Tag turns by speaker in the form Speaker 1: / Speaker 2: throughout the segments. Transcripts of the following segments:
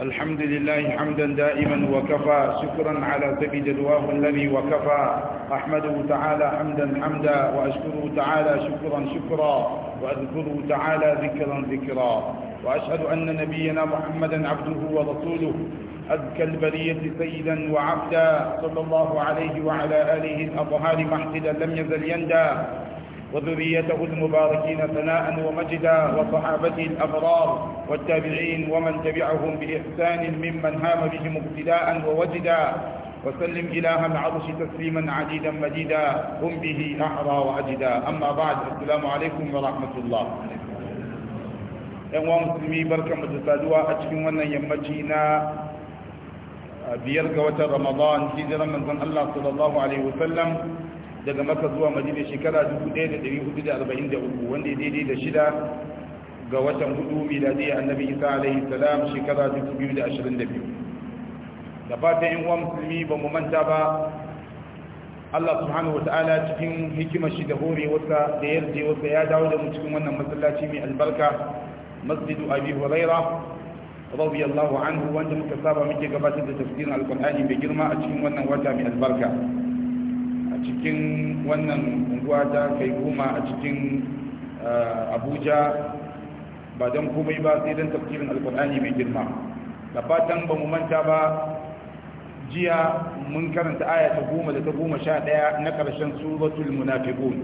Speaker 1: الحمد لله حمدا دائما وكفى شكرا على سبيل جدواه الذي وكفى أحمده تعالى حمدا حمدا وأشكره تعالى شكرا شكرا وأذكره تعالى ذكرا ذكرا وأشهد أن نبينا محمدا عبده ورسوله أذكى البرية سيدا وعبدا صلى الله عليه وعلى آله الأطهار محددا لم يزل يندى وذريته المباركين ثناء ومجدا وصحابته الأبرار والتابعين ومن تبعهم بإحسان ممن هام بهم ابتداء ووجدا وسلم إله العرش تسليما عديدا مجيدا هم به أحرى وأجدا أما بعد السلام عليكم ورحمة الله ‘yan musulmi بركة mu أجل من يمجينا wannan yammaci رمضان biyar ga الله صلى الله عليه وسلم daga maka zuwa madina shekara 1443 wanda ya daidai da shida ga watan hudu miladi annabi isa alaihi salam shekara 2022 da fatan yin uwa musulmi ba mu manta ba Allah subhanahu wataala cikin hikimar shi da hore wata da yarje wata ya dawo da mu cikin wannan masallaci mai albarka masjidu abi huraira radiyallahu anhu wanda muka saba muke gabatar da tafsirin alqur'ani mai girma a cikin wannan wata mai albarka a cikin wannan unguwa ta kai goma a cikin uh, abuja ba don komai ba sai don tafkirin alkur'ani mai girma da fatan ba mu manta ba jiya mun karanta aya ta goma da ta goma sha daya na karshen suratul munafiqun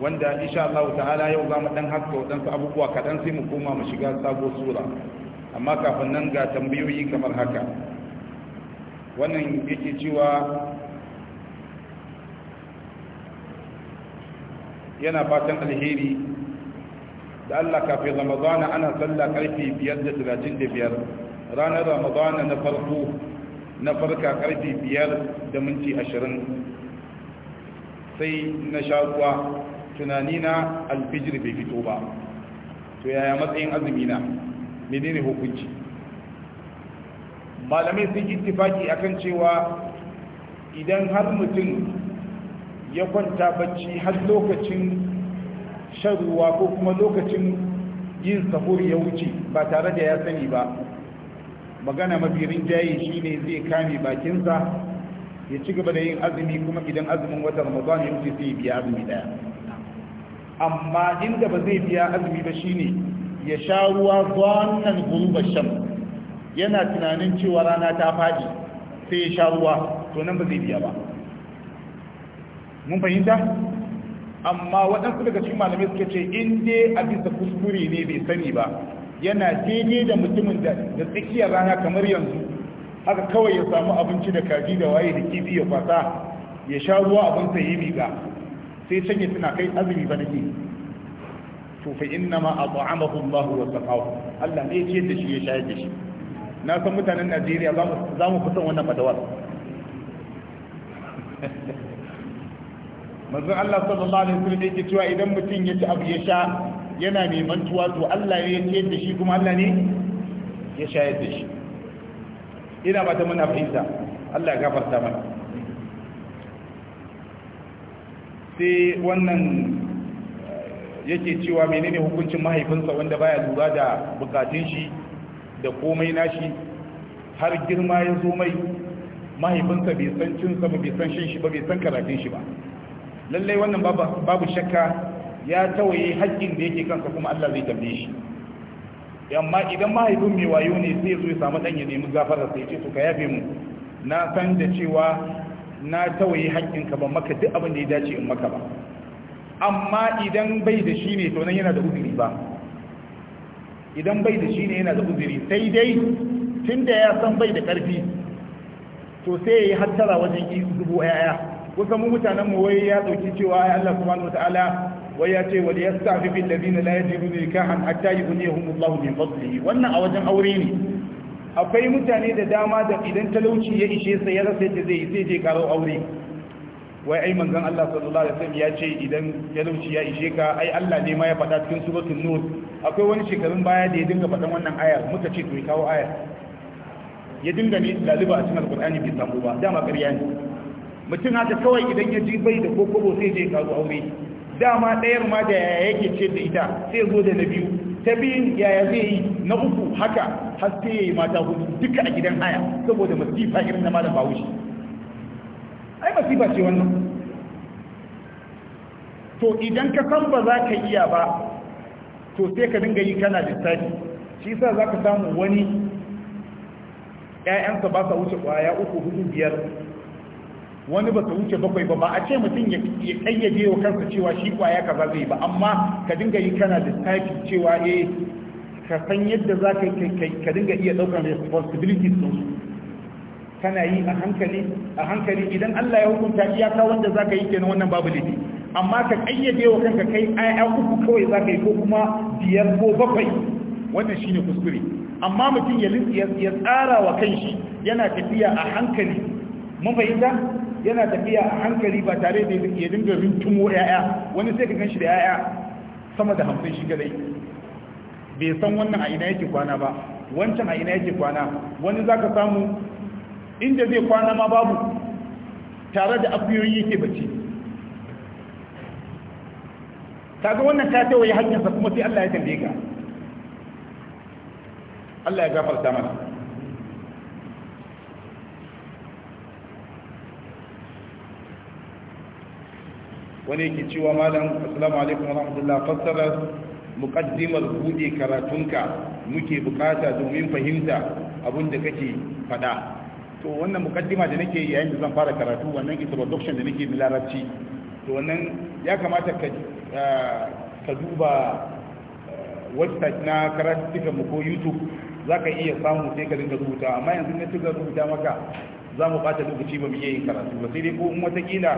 Speaker 1: wanda insha Allah ta'ala yau za mu ɗan haska waɗansu abubuwa kaɗan sai mu koma mu shiga sabo sura amma kafin nan ga tambayoyi kamar haka wannan yake cewa yana fatan alheri da Allah kafin ramadana ana sallah karfi 5:35 ranar ramadana na farko na farka karfi 5 da minti 20 sai na sha ruwa tunani na alfijir bai fito ba to yaya matsayin azumi na menene hukunci malamai sun yi ittifaki akan cewa idan har mutum ya kwanta bacci har lokacin sharuwa ko kuma lokacin yin sahur ya wuce ba tare da ya sani ba magana mafi rinjaye ne zai kame bakinsa ya ci gaba da yin azumi kuma idan azumin wata ramadan ya wuce sai biya azumi daya amma inda ba zai biya azumi ba shi ne ya sha ruwa zannan gurubar sham yana tunanin cewa rana ta faɗi sai ya sha ruwa to nan ba zai biya ba mun fahimta amma waɗansu daga cikin malamai suka ce in dai a bisa kuskure ne bai sani ba yana daidai da mutumin da da tsakiyar rana kamar yanzu haka kawai ya samu abinci da kaji da waye da kifi ya kwasa ya sha ruwa abin sa yi miƙa sai can ya tuna kai azumi ba nake to fa inna ma at'amahu Allah wa Allah ne ya da shi ya shayar da shi na san mutanen Najeriya za mu fi wannan fadawar manzon Allah sallallahu alaihi wasallam yake cewa idan mutum ya ci abu ya sha yana mai mantuwa to Allah ne ya ciyar da shi kuma Allah ne ya sha da shi ina ba ta muna fahimta Allah ya gafarta mana sai wannan eh, yake cewa menene hukuncin mahaifinsa wanda baya lura da bukatun shi da komai nashi har girma ya zo mai mahaifinsa bai san cinsa ba bai san shin shi ba bai san karatun shi ba lallai wannan babu shakka ya tawaye haƙƙin da yake kansa kuma Allah zai tambaye shi amma idan mahaifin mai wayo ne sai zo ya samu dan ya nemi gafara sai ce to ka yafe mu na san da cewa na tawaye ka ba maka duk abin da ya dace in maka ba amma idan bai da shi ne to nan yana da uzuri ba idan bai da shi ne yana da uzuri sai dai tunda ya san bai da ƙarfi to sai ya yi hattara wajen yi dubu ayaya kusan mu mutanen mu wai ya dauki cewa ai Allah subhanahu wataala wai ya ce wal yastafi bil ladina la yajiduna nikahan hatta yughniyahum Allah min fadlihi wannan a wajen aure ne akwai mutane da dama da idan talauci ya ishe sa ya rasa yadda zai sai je karo aure wai ai manzon Allah sallallahu alaihi wasallam ya ce idan talauci ya ishe ka ai Allah ne ma ya faɗa cikin suratul nur akwai wani shekarun baya da ya dinga faɗan wannan ayar muka ce to ya kawo ayar ya dinga ne laliba a cikin alqur'ani bai samu ba dama ƙarya ne mutum haka kawai idan ya ji bai da kokobo sai je karu aure dama ɗayar ma da yaya yake ce da ita sai zo da na biyu ta biyun yaya zai yi na uku haka har sai ya yi mata hudu duka a gidan haya saboda masifa irin na malam bahaushe ai masifa ce wannan to idan ka san ba za ka iya ba to sai ka dinga yi kana lissafi shi yasa za ka samu wani 'ya'yansa ba sa wuce ƙwaya uku hudu biyar wani ba su wuce bakwai ba ba a ce mutum ya kayyade wa kansa cewa shi kwaya ba zai ba amma ka dinga yi kana da lissafi cewa eh ka san yadda za ka dinga iya ɗaukar responsibilities din kana yi a hankali a hankali idan Allah ya hukunta iyaka wanda za ka yi kenan wannan babu laifi amma ka kayyade wa kanka kai ayya uku kawai za ka yi ko kuma biyar ko bakwai wannan shine kuskure amma mutum ya tsara wa kanshi yana tafiya a hankali mun fahimta yana tafiya a hankali ba tare da ya dinga rintumo ya'ya wani sai ka ganshi da ya'ya sama da hamsin shi gadai bai san wannan a ina yake kwana ba wancan a ina yake kwana wani za ka samu inda zai kwana ma babu tare da akuyoyi yake bace kaga wannan ta tawaye hanyarsa kuma sai Allah ya tambaye ka Allah ya gafarta mana wani yake cewa malam assalamu alaikum warahmatullahi fassara muqaddimar bude karatunka muke bukata domin fahimta abin da kake fada to wannan muqaddima da nake yayin da zan fara karatu wannan introduction da nake larabci to wannan ya kamata ka eh, ka duba eh, website na karatu mu ko youtube zaka iya samu sai ka dinga rubuta amma yanzu na ci rubuta maka za mu bata lokaci ba biye yin karatu ba sai dai ko in watakila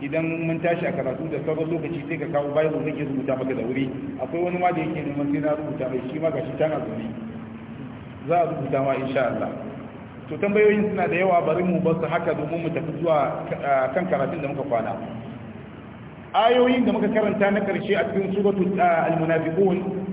Speaker 1: idan mun tashi a karatu da sauran lokaci sai ka kawo bible zai iya rubuta maka da wuri akwai wani ma da yake neman sai na rubuta mai shi ma gashi tana zaune za a rubuta ma insha Allah to tambayoyin suna da yawa bari mu bar su haka domin mu tafi zuwa kan karatun da muka kwana ayoyin da muka karanta na karshe a cikin suratul al-munafiqun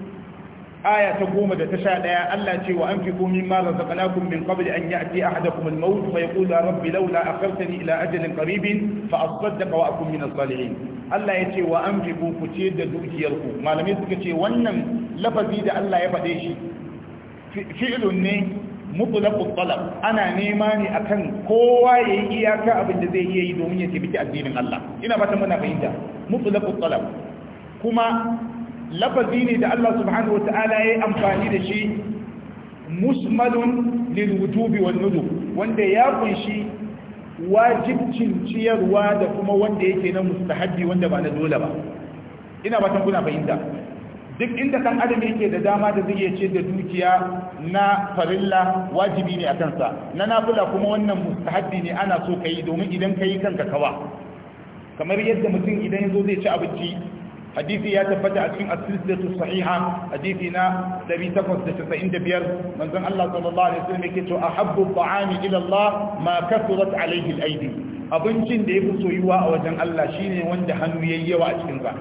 Speaker 1: aya ta goma da ta sha ɗaya Allah ce wa an fi komi ma razaqnakum min qabli an ya'ti ahadakum al-maut fa yaqulu rabbi laula a kartani ila ajalin qaribin fa asaddaqa wa a min as-salihin Allah ce wa an fi ku ce da dukiyarku malamai suka ce wannan lafazi da Allah ya faɗe shi fi'ilun ne mutlaqut talab ana nema ne akan kowa yayi iyaka abin da zai iya yi domin ya tafi addinin Allah ina fata muna fahimta mutlaqut talab kuma lafazi ne da Allah subhanahu wa ta'ala ya yi amfani da shi musmalun lilwudubi wal nuzub wanda ya kunshi wajibcin ciyarwa da kuma wanda yake na mustahabbi wanda ba na dole ba ina ba kuna fahimta duk inda kan adam yake da dama da zai ce da dukiya na farilla wajibi ne a kansa na nafila kuma wannan mustahabbi ne ana so kai domin idan kai kanka kawa kamar yadda mutum idan yazo zai ci abinci hadisi ya tabbata a cikin as-silsilatu sahiha hadisi na 895 manzon Allah sallallahu alaihi wasallam yake cewa ahabbu ta'ami ila Allah ma kasurat alaihi al-aydi abincin da yafi soyuwa a wajen Allah shine wanda hannu yayi yawa a cikin sa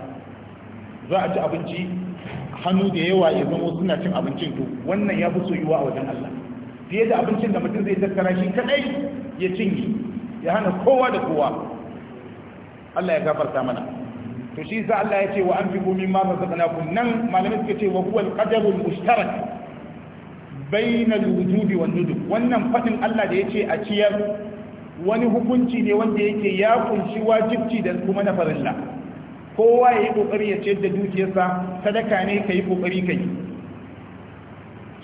Speaker 1: za a ci abinci hannu da yawa ya zama suna cin abincin to wannan yafi soyuwa a wajen Allah fiye da abincin da mutum zai tattara shi kadai ya cinye ya hana kowa da kowa Allah ya gafarta mana to shi sa Allah ya ce wa anfiqu mimma razaqnakum nan malamai suka ce wa huwa al-qadaru al-mushtarak bayna al-wujubi wan-nudub wannan fadin Allah da yace a ciyar wani hukunci ne wanda yake ya kunshi wajibci da kuma na farilla kowa ya yi kokari ya ciyar da dukiyarsa sadaka ne kai kokari kai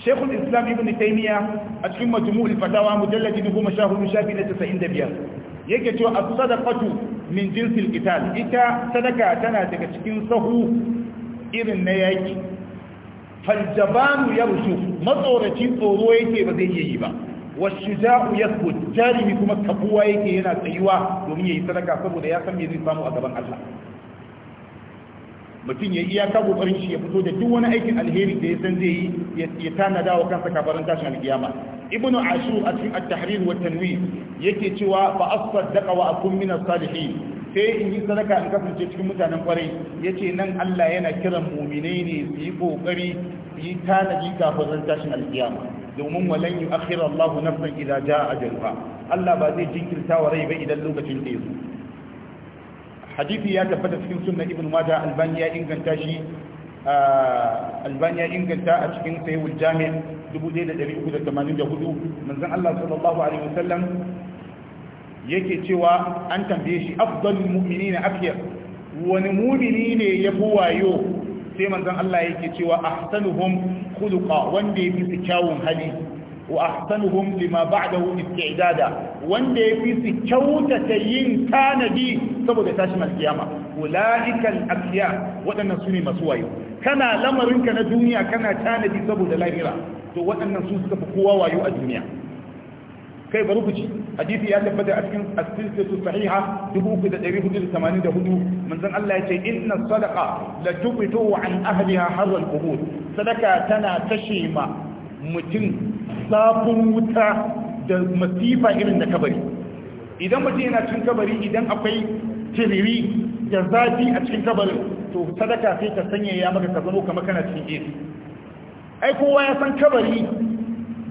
Speaker 1: Sheikhul Islam Ibn Taymiyyah a cikin Majmu'ul Fatawa mujalladi 14 shafi na 95 yake cewa as-sadaqatu min jinsil qital ita sadaka tana daga cikin sahu irin na yaki faljabanu yarshu matsoraci tsoro yake ba zai iya yi ba washuja'u yaskut jarimi kuma kabuwa yake yana tsayuwa domin yayi sadaka saboda ya san me zai samu a gaban Allah mutum ya iya ka kokarin shi ya fito da duk wani aikin alheri da ya san zai yi ya tanada wa kansa kafarin tashin alkiyama ibnu ashur a cikin at-tahrir wa tanwir yake cewa fa asaddaqa wa akun min as-salihin sai in yi sadaka in kasance cikin mutanen kwarai yace nan Allah yana kiran mu'minai ne su yi kokari su yi tanadi kafin ran tashin alkiyama domin walan yu'akhkhira Allahu nafsan idza jaa ajaluha Allah ba zai jinkirta wa rai ba idan lokacin da yazo hadisi ya tabbata cikin sunan ibn majah albani ya inganta shi albani ya inganta a cikin sayyul jami' 1384 manzon Allah sallallahu alaihi wasallam yake cewa an tambaye shi mummini na afyar wani mummini ne ya fi wayo sai manzon Allah yake cewa a ahsanuhum khuluqa wanda ya fi su kyawun hali wa ahsanuhum lima ba'dahu istidada wanda ya fi su kyautata yin tanadi saboda tashi tashin alkiyama ulaikal waɗannan su ne masu wayo kana lamarinka na duniya kana tanadi saboda lahira to waɗannan su suka fi kowa wayo a duniya kai bari ku ci hadisi ya tabbata a cikin as-silsilatu sahiha 3484 manzon Allah ya ce inna sadaqa la tubitu an ahliha harra al-qubur sadaka tana kashe ma mutum safin wuta da masifa irin da kabari idan mutum yana cikin kabari idan akwai tiriri da zafi a cikin kabarin to sadaka sai ta sanya ya maka ka zama kamar kana cikin gefe ai kowa ya san kabari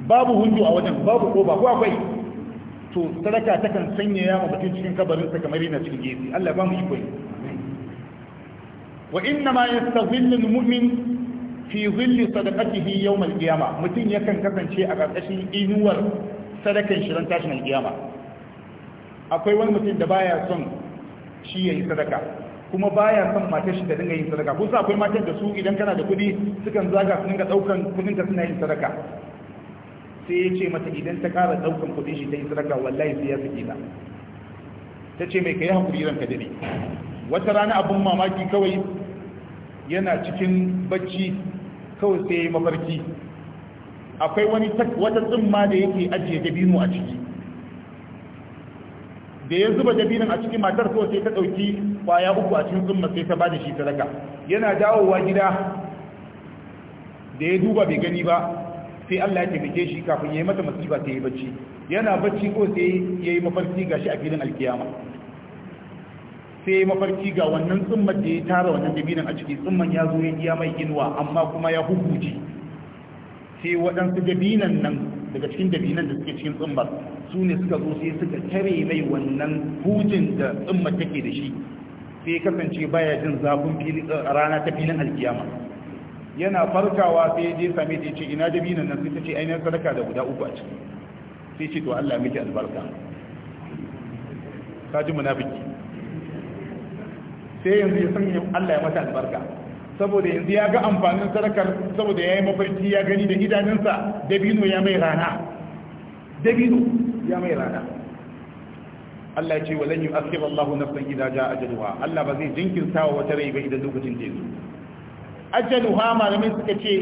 Speaker 1: babu hundu a wajen babu ko ba ko akwai to sadaka ta kan sanya ya maka cikin kabarin sa kamar yana cikin gefe Allah ba mu iko wa inna ma yastazillu almu'min fi dhilli sadaqatihi yawm alqiyama Mutum yakan kasance a karkashin inuwar sadakan shirin tashin alqiyama akwai wani mutum da baya son shi yayi sadaka kuma baya son matar shi da dinga yin sadaka kun akwai matan da su idan kana da kuɗi sukan zaga su dinga ɗaukan kudin ka suna yin sadaka sai ya ce mata idan ta ƙara ɗaukan kuɗin shi ta yi sadaka wallahi sai ya ta ta mai kai hakuri ranka dare wata rana abun mamaki kawai yana cikin bacci kawai sai ya mafarki akwai wani wata tsumma da yake ajiye dabino a ciki da ya zuba jabinin a cikin matar ko sai ta dauki kwaya uku a cikin zumma sai ta bada shi sadaka yana dawowa gida da ya duba bai gani ba sai Allah ya taimake shi kafin yayi mata masifa ta yi bacci yana bacci ko sai yayi mafarki shi a filin alkiyama sai yayi mafarki ga wannan tsumman da ya tara wannan jabinin a ciki tsumman ya zo ya iya mai ginwa amma kuma ya hukuci sai waɗansu jabinan nan daga cikin dabinan da suke cikin tsimmar su ne suka zo sai suka tare mai wannan hujin da tsimmar take da shi sai kasance baya jin zafin eh, rana ta filin alkiyama yana farkawa sai ya je same ta ce ina dabinan nan sai ta ce ainihin sadaka da guda uku a ciki sai ce to Allah miki albarka ka ji munafiki sai yanzu ya san Allah ya mata albarka saboda yanzu ya ga amfanin sadakar saboda ya yi mafarki ya gani da idanunsa dabino ya mai rana dabino ya mai rana Allah ya ce wa lan yu'akhir Allahu nafsan idza jaa ajaluha Allah ba zai jinkirta wa wata rai ba idan lokacin da yazo ajaluha malamai suka ce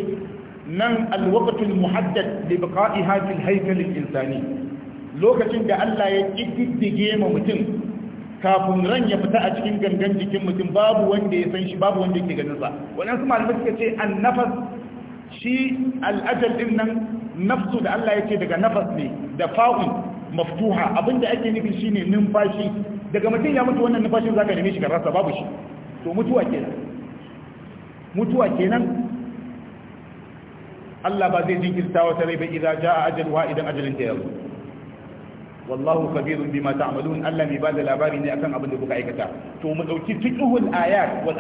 Speaker 1: nan alwaqtul muhaddad li biqa'iha fil haykal al insani lokacin da Allah ya kididdige ma mutum kafin ran ya fita a cikin gangan jikin mutum babu wanda ya san shi babu wanda yake ganin sa kuma malamai suka ce an nafas shi al'ajal din nan nafsu da Allah yake daga nafas ne da fa'u maftuha abinda ake nufi shine numfashi daga mutum ya mutu wannan numfashin zaka neme shi garasa babu shi to mutuwa kenan mutuwa kenan Allah ba zai jinkirta wata rai ba idan ja'a wa idan ajalin ta yazo wallahu kabirun bima ta'malun Allah mai bada labari ne akan abin da kuka aikata to mu ɗauki fiqhul ayat wal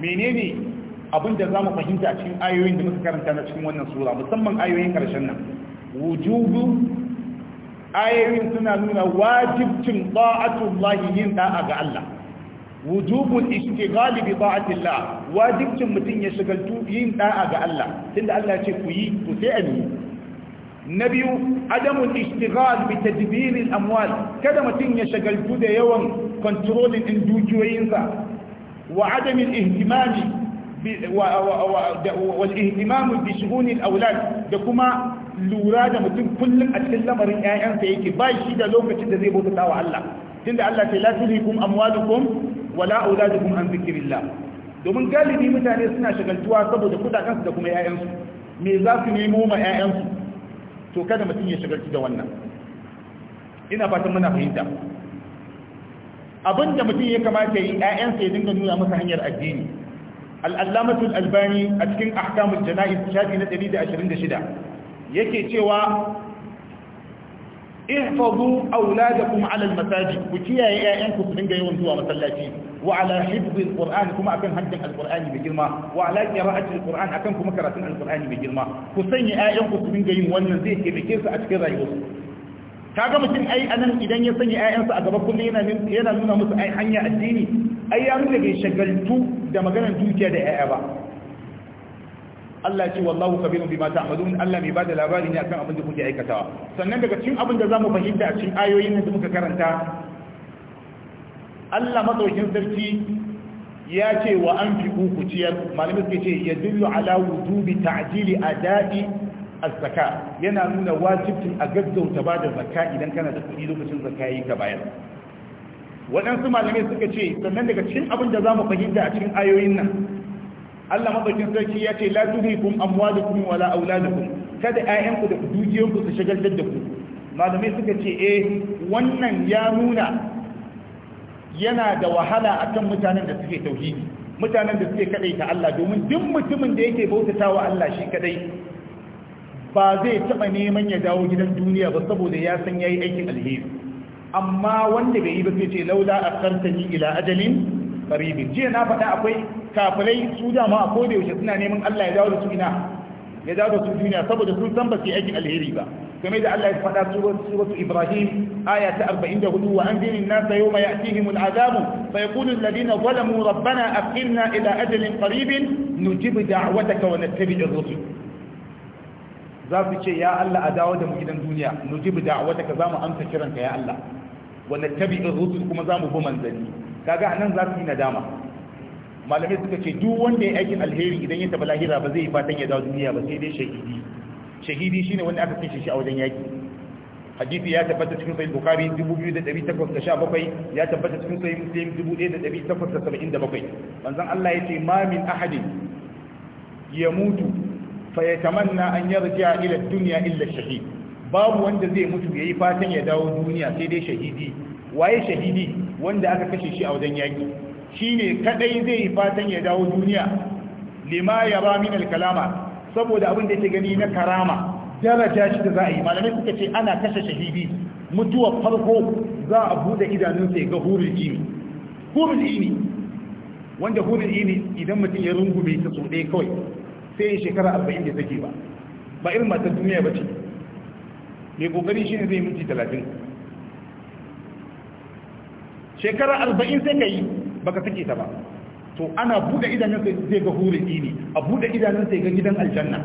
Speaker 1: menene abin da zamu fahimta a cikin ayoyin da muka karanta na cikin wannan sura musamman ayoyin karshen nan wujubu ayoyin suna nuna wajibcin ta'atullahi yin da'a ga Allah wujubul ishtighal bi ta'atillah wajibcin mutun ya shigaltu yin da'a ga Allah tunda Allah ya ce ku yi ku sai a na biyu adamun ishtighal bi tadbiril amwal kada mutum ya shagaltu da yawan controlling din dukiyoyinsa wa adamin ihtimami wal ihtimam bi shughulil awlad da kuma lura da mutum kullum a cikin lamarin ƴaƴansa yake ba shi da lokacin da zai bauta wa Allah tunda Allah ta la tulhikum amwalukum wala auladukum an zikrillah domin galibi mutane suna shagaltuwa saboda kudaden da kuma ƴaƴansu me za su nemo ma ƴaƴansu to kada mutum ya shigarci da wannan ina fatan muna fahimta abinda mutum ya kamata yi ƴaƴansa ya dinga nuna masa hanyar addini al'allamatul albani a cikin ahkamul jana'iz shafi na 126 yake cewa ihfazu auladakum ala almasajid ku kiyaye ƴaƴanku su dinga yawan zuwa masallaci وعلى حفظ القرآن كما أكن هدن القرآن بجرما وعلى قراءة القرآن أكن كما كراتن القرآن بجرما كسني آيان كسبين wannan zai kebeke su a cikin وصف kaga mutum ai anan idan ya sanya ƴaƴansa a gaba kullum yana yana nuna musu ai hanya addini ai ya nuna bai shagaltu da maganar dukiya da 'ya'ya ba Allah ce wallahu kabirun bima ta'malun Allah mai bada labari ne akan abin da kuke aikatawa sannan daga cikin abin da zamu fahimta a cikin ayoyin da muka karanta Allah matsaukin sarki ya ce wa an fi ku ciyar malamin suke ce ya dillu ala wujubi ta'jili daɗi, a zaka yana nuna wajibcin a gaggauta ba da zakka idan kana da kuɗi lokacin zakka yayi ka bayar waɗansu malamai suka ce sannan daga cikin abin da zamu fahimta a cikin ayoyin nan Allah madaukin sarki ya ce la tuhikum amwalukum wala auladukum kada ƴaƴanku da dukiyanku su shagaltar da ku malamai suka ce eh wannan ya nuna yana da wahala akan mutanen da suke tauhidi mutanen da suke kadaita Allah domin duk mutumin da yake bautatawa Allah shi kadai ba zai taba neman ya dawo gidan duniya ba saboda ya san yayi aikin alheri amma wanda bai yi ba sai ce laula akhartani ila ajalin qarib Jiya na faɗa akwai kafirai su dama a koda yaushe suna neman Allah ya dawo da su ina ya dawo da su duniya saboda sun san ba su aikin alheri ba game da Allah ya faɗa suratu Ibrahim aya ta 44 wa anzirin nasa yawma ya'tihimul azab fa yaqulu alladhina zalamu rabbana aqimna ila ajalin qaribin nujib da'wataka wa nattabi'u ar-rusul za su ce ya Allah a dawo da mu gidan duniya nujib da'wataka za mu amsa kiranka ya Allah wa nattabi'u ar-rusul kuma za mu bi manzanni kaga anan za su yi nadama malamai suka ce duk wanda ya aikin alheri idan ya tafi lahira ba zai yi fatan ya dawo duniya ba sai dai shahidi shahidi shine wanda aka kashe shi a wajen yaki hadisi ya tabbata cikin sahih bukhari 2817 ya tabbata cikin sahih muslim 1877 manzon Allah yace ma min ahadin yamutu fayatamanna an yarji'a ila ad-dunya illa shahid babu wanda zai mutu yayi fatan ya dawo duniya sai dai shahidi waye shahidi wanda aka kashe shi a wajen yaki Shi ne kadai zai yi fatan ya dawo duniya lima ba min al-kalama saboda abin da yake gani na karama daraja shi da za a yi malamai suka ce ana kashe shahidi mutuwar farko za a bude idanunsa ya ga hurul ini hurul ini wanda hurul ini idan mutum ya rungume ta so ɗaya kawai sai yin shekara arba'in da take ba ba irin matan duniya ba ce mai kokari shi ne zai minti talatin shekara arba'in sai ka yi baka sake ta ba to ana bude idanun zai ga hurin dini a bude idanun sai ga gidan aljanna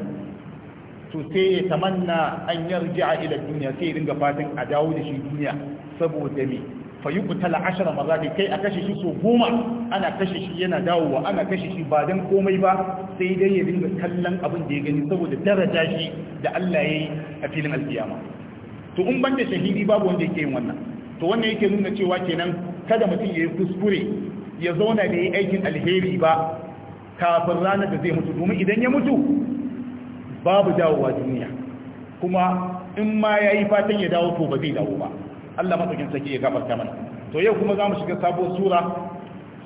Speaker 1: to sai ya tamanna an yarji'a ila duniya sai ringa fatin a dawo da shi duniya saboda me fa yuqtala ashara marrati kai a kashe shi so goma ana kashe shi yana dawowa ana kashe shi ba dan komai ba sai dai ya ringa kallon abin da ya gani saboda daraja shi da Allah yayi a filin alkiyama to in banda shahidi babu wanda yake yin wannan to wannan yake nuna cewa kenan kada mutum ya yi kuskure ya zauna da yi aikin alheri ba kafin ranar da zai mutu domin idan ya mutu babu dawowa duniya kuma in ma ya yi fatan ya dawo to ba zai dawo ba Allah matsakin sake ya gafarta mana to yau kuma za mu shiga sabuwar sura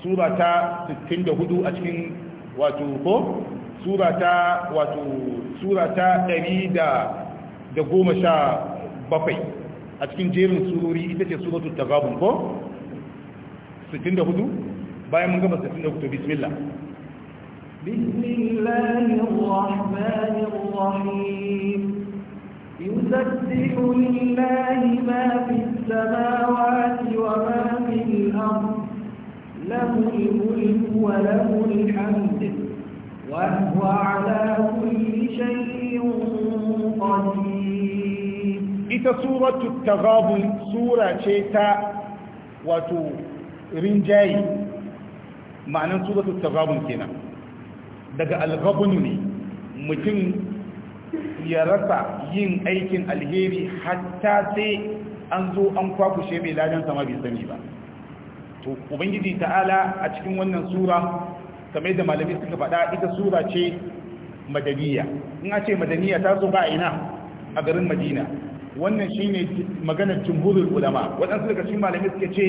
Speaker 1: sura ta 64 a cikin wato ko sura ta wato sura ta 117 a cikin jerin surori ita ce suratul tagabun ko 64 bayan mun gama 63 to bismillah
Speaker 2: بسم الله الرحمن الرحيم يسبح لله ما في السماوات وما في الأرض له الملك وله الحمد وهو على كل شيء قدير
Speaker 1: إذا سورة التغابن سورة شيتا وتو رنجاي ma'anan suratul tagabun kenan daga alghabun ne mutum ya rasa yin aikin alheri hatta sai an zo an kwakushe mai ladan sama bai sami ba to ubangiji ta'ala a cikin wannan sura kamar da malamai suka faɗa ita sura ce madaniya in a ce madaniya ta zo ba ina a garin madina wannan shi ne maganar jumhurul ulama wadansu daga cikin malamai suka ce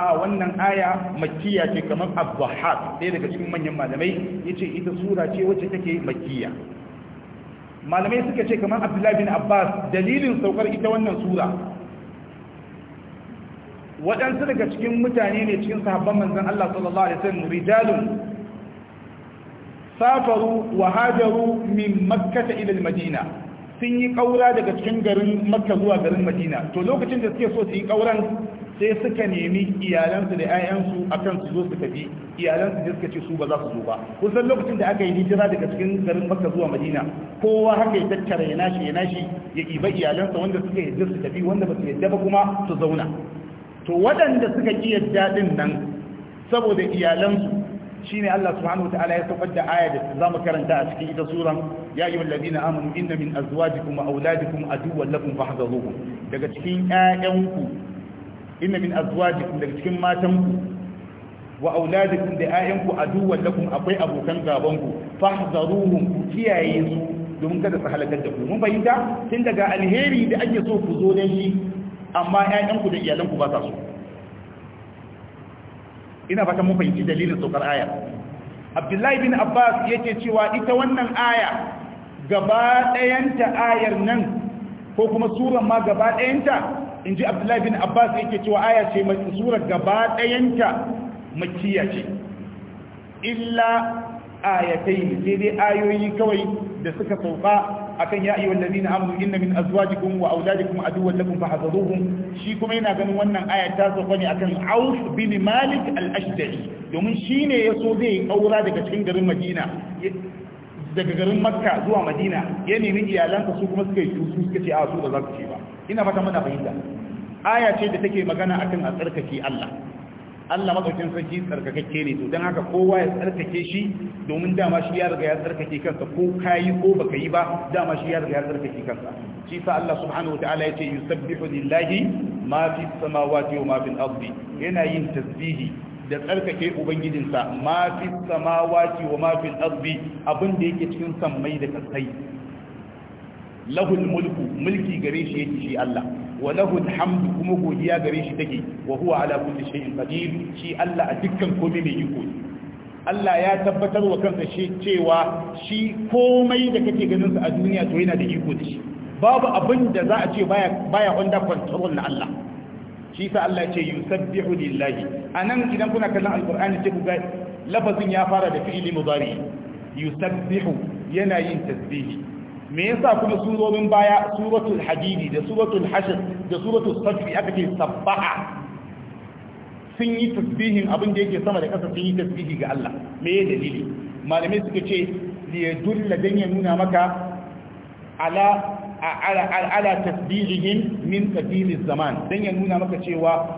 Speaker 1: a wannan aya makiya ce kamar abdahab ɗaya daga cikin manyan malamai yace ita sura ce wacce take makiya. malamai suka ce kamar abdullahi bin abbas dalilin saukar ita wannan sura waɗansu daga cikin mutane ne cikin sahabban manzan Allah sallallahu alaihi wasallam rijalun safaru wa hajaru min makkah ila al-madina sun yi ƙaura daga cikin garin makka zuwa garin madina to lokacin da suke so su yi ƙauran sai suka nemi iyalansu da 'ya'yansu a kan su zo su tafi iyalansu da suka ce su ba za su zo ba kusan lokacin da aka yi hijira daga cikin garin makka zuwa madina kowa haka ya tattara ya nashi ya nashi ya iba iyalansa wanda suka yadda su tafi wanda ba su yadda ba kuma su zauna to waɗanda suka ƙi yadda ɗin nan saboda iyalansu Shi ne Allah subhanahu wataala ya saukar da aya da zamu karanta a cikin ita suran ya ayyuhal ladina amanu inna min azwajikum wa auladikum aduwwan lakum fahdharuhum daga cikin ƴaƴanku inna min azwajikum daga cikin matanku wa auladikum da ƴaƴanku aduwwan lakum akwai abokan gabanku fahdharuhum ku kiyaye su domin kada su halakar da ku mun fahimta tun daga alheri da ake so ku zo da shi amma ƴaƴanku da iyalanku ba sa so ina fata mun fahimci dalilin saukar ayar abdullahi bin abbas yake cewa ita wannan aya gaba ɗayanta ayar nan ko kuma surar ma gaba ɗayanta in ji abdullahi bin abbas yake cewa aya ce mai surar gaba ɗayanta makiya ce illa ayatai sai dai ayoyi kawai da suka sauka akan ya ayyuhal ladina amanu inna min azwajikum wa auladikum aduwwan lakum fahdharuhum shi kuma yana ganin wannan aya ta sauka ne akan Auf bin Malik al-Ashda'i domin shine yaso zai aura daga cikin garin Madina daga garin Makka zuwa Madina ya nemi iyalansa su kuma suka yi tusu suka ce a su za ku ce ba ina fata muna fahimta aya ce da take magana akan a tsarkake Allah Allah madaukin sarki tsarkakakke ne to dan haka kowa ya tsarkake shi domin dama shi ya riga ya tsarkake kansa ko kayi ko baka yi ba dama shi ya riga ya tsarkake kansa shi sa Allah subhanahu wataala ce yusabbihu lillahi ma fi samawati wa ma fil ardi yana yin tasbihi da tsarkake ubangijinsa ma fi samawati wa ma fil ardi abin da yake cikin sammai da kasai lahul mulku mulki gare shi yake shi Allah wa lahu alhamdu kuma godiya gare shi take wa huwa ala kulli shay'in qadir shi Allah a dukkan komai mai iko ne Allah ya tabbatar wa kansa cewa shi komai da kake ganinsa a duniya to yana da iko da babu abinda da za ce baya baya under na Allah shi sa Allah ce yusabbihu lillahi anan gidan kuna kallon alqur'ani ta ku ga lafazin ya fara da fi'ili mudari yusabbihu yana yin tasbihi me yasa kuma surorin baya suratul hadidi da suratul hashr da suratul safi aka ce sabbaha sun yi tasbihin abin da yake sama da kasa sun yi tasbihi ga Allah me ya dalili malamai suka ce li yadulla dan ya nuna maka ala ala ala tasbihihim min qadimi zaman dan ya nuna maka cewa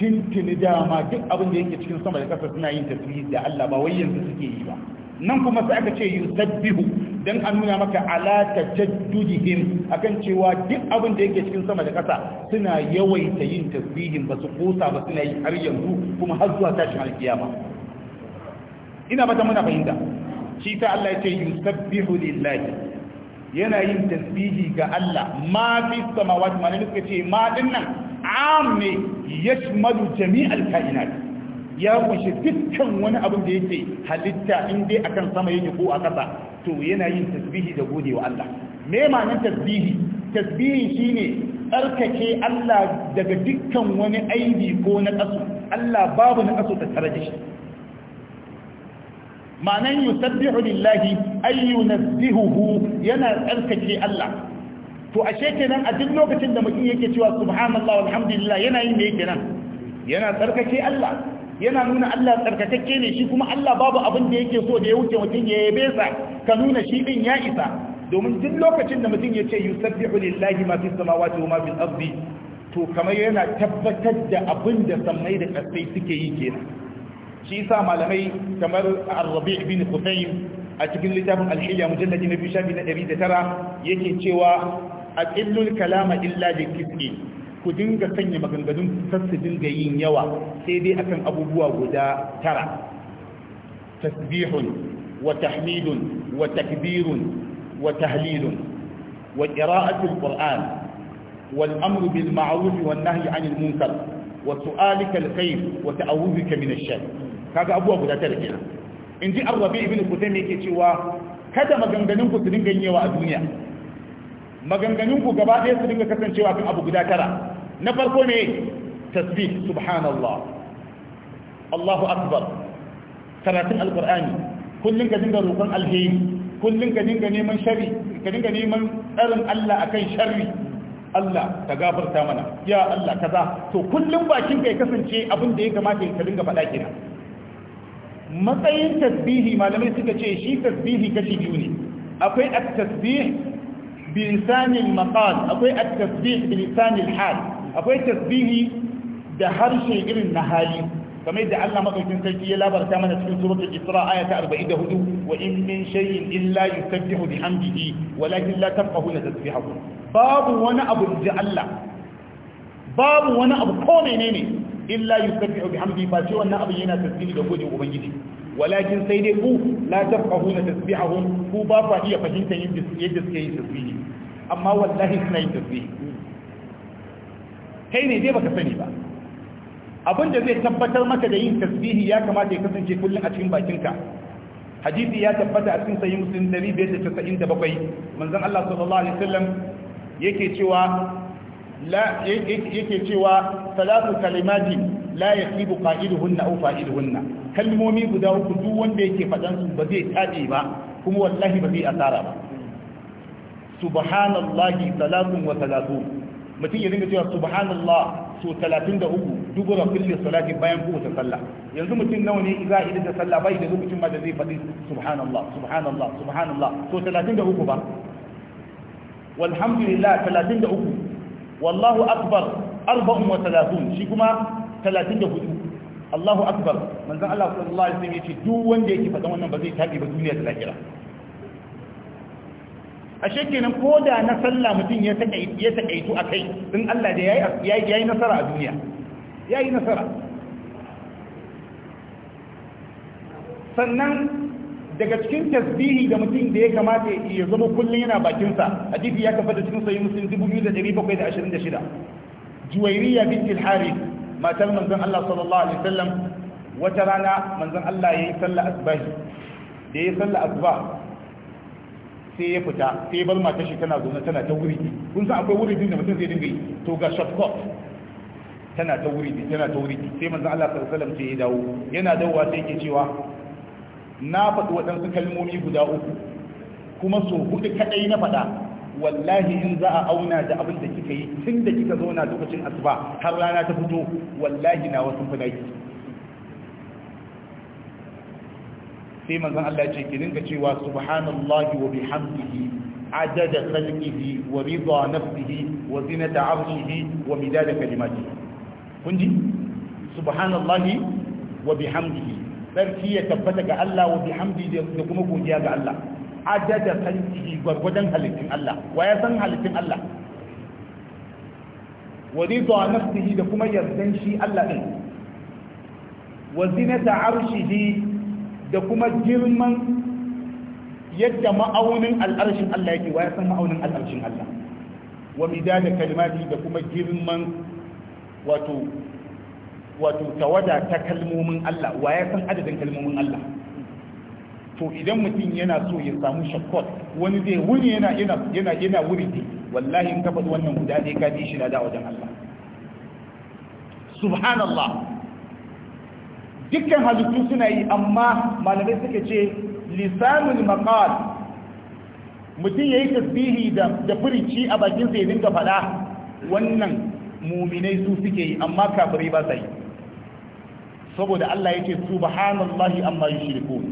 Speaker 1: tintini dama duk abin da yake cikin sama da kasa suna yin tasbihi da Allah ba wai yanzu suke yi ba nan kuma sai aka ce yusabbihu Idan an nuna maka ala tajaddudihim akan cewa duk abin da yake cikin sama da ƙasa suna yawaita yin tasbihin ba su kosa ba suna yi har yanzu kuma har zuwa tashin alkiyama ina mata muna fahimta shi ta Allah ya ce yusabbihu lillahi yana yin tasbihi ga Allah ma fi samawati ma ne suka ce ma dinnan am ne yashmalu jami'al kainat ya kunshi dukkan wani abin da yake halitta in dai akan sama yake ko a ƙasa to yana yin tasbihi da gode wa Allah me ma'anar tasbihi tasbihi shine tsarkake Allah daga dukkan wani aibi ko na ƙasu Allah babu na ƙasu ta tare da shi ma'anar yusabbihu lillahi ay yunazzihuhu yana tsarkake Allah to ashe kenan a duk lokacin da mutum yake cewa subhanallahi walhamdulillah yana yin me kenan yana tsarkake Allah yana nuna Allah tsarkakakke ne shi kuma Allah babu abin da yake so da ya wuce mutum ya yabe sa ka nuna shi din ya isa domin duk lokacin da mutum ya ce yusabbihu lillahi ma fis samawati wa ma fil ardi to kamar yana tabbatar da abin da sammai da kasai suke yi kenan shi yasa malamai kamar Ar-Rabi' bin Qusaym a cikin littafin Al-Hilya mujalladi na 2 shafi na yake cewa aqillul kalama illa bi kisqi ku dinga sanya maganganun ku su dinga yin yawa sai dai akan abubuwa guda tara tasbihun wa tahmidun wa takbirun wa tahlilun wa qira'atul qur'an wal amru bil ma'ruf wan nahyi 'anil munkar wa su'alika al khair wa ta'awudhuka min ash-shar kaga abubuwa guda tara kenan ji ar-rabi ibn qutaym yake cewa kada maganganun ku su dinga yin yawa a duniya maganganun ku gaba ɗaya su dinga kasancewa kan abu guda tara na farko ne tasbih subhanallah Allahu akbar karatun alqur'ani kullun ka dinga roƙon alheri kullun ka dinga neman sharri ka dinga neman tsarin Allah akan sharri Allah ka gafarta mana ya Allah kaza to kullun bakin kai kasance abin da ya kamata ka dinga faɗa kenan matsayin tasbihi malamai suka ce shi tasbihi kashi biyu ne akwai at-tasbih bi lisanil maqal akwai at-tasbih bi lisanil hal akwai tasbihi da harshe irin na hali kamar yadda Allah madaukin sarki ya labarta mana cikin suratul Isra aya ta 44 wa in min shay'in illa yusabbihu bihamdihi walakin la tafqahuna tasbihahu babu wani abu da Allah babu wani abu ko menene illa yusabbihu bihamdihi ba ce wannan abu yana tasbihi da gode ubangiji walakin sai dai ku la tafqahuna tasbihahum ku ba fa iya fahimtar yadda suke yin tasbihi amma wallahi suna yin tasbihi kai ne dai baka sani ba abin da zai tabbatar maka da yin tasbihi ya kamata ya kasance kullum a cikin bakinka hadisi ya tabbata a cikin sahih muslim 597 manzon Allah sallallahu alaihi wasallam yake cewa la yake cewa salatu kalimati la yaqibu qa'iluhunna aw fa'iluhunna kalmomi guda uku duk wanda yake fadan su ba zai tabe ba kuma wallahi ba zai asara ba subhanallahi salatun wa mutum ya dinga cewa subhanallah so 33 dubura kulli salati bayan kowace sallah yanzu mutum nawa ne idza idan da sallah bai da lokacin ba da zai faɗi subhanallah subhanallah subhanallah so 33 ba walhamdulillah 33 wallahu akbar 34 shi kuma 34 Allahu akbar manzon Allah sallallahu alaihi wasallam yace duk wanda yake faɗan wannan ba zai tabi ba duniya da lahira a kenan ko da na sallah mutum ya taƙaitu a kai in Allah da ya yi nasara a duniya ya yi nasara sannan daga cikin tasbihi da mutum da ya kamata ya zama kullum yana bakinsa hadisi ya kafa da cikin sayi musulun 2726 juwairiya bin tilhari matar manzon Allah sallallahu alaihi wasallam wata rana manzon Allah ya yi sallah asbahi da ya yi sallah asbahi sai ya fita sai ya bar matar shi tana zaune tana ta wuri kun san akwai wuri din da mutum zai dinga yi to ga shafkot tana ta wuri tana ta wuri sai manzo Allah sallallahu alaihi wasallam sai ya dawo yana dawowa sai yake cewa na faɗi waɗansu kalmomi guda uku kuma so hudu kadai na faɗa wallahi in za a auna da abin da kika yi tun da kika zauna lokacin asuba har rana ta fito wallahi na wasu fi sai manzon Allah ce ki dinga cewa subhanallahi wa bihamdihi adada khalqihi wa rida nafsihi wa zinata arshihi wa midada kalimatihi kun ji subhanallahi wa bihamdihi sarki ya tabbata ga Allah wa bihamdihi da kuma godiya ga Allah adada khalqihi gwargwadon halittun Allah wa ya san halittun Allah wa rida nafsihi da kuma yardan shi Allah din wa zinata arshihi da kuma girman yadda ma'aunin al'arshin Allah yake wa ya san ma'aunin al'arshin Allah wa midada kalmati da kuma girman wato wato tawada ta kalmomin Allah wa ya san adadin kalmomin Allah to idan mutum yana so ya samu shakkot wani zai wuni yana yana yana yana wuri wallahi in ka faɗi wannan guda ɗaya ka shi na da wajen Allah subhanallah dukkan halittu suna yi amma malamai suka ce lisanul maqal mutum yayi tasbihi da da furici a bakin sa ya dinga fada wannan muminai su suke yi amma kafirai ba sai saboda Allah yake subhanallahi amma yushrikun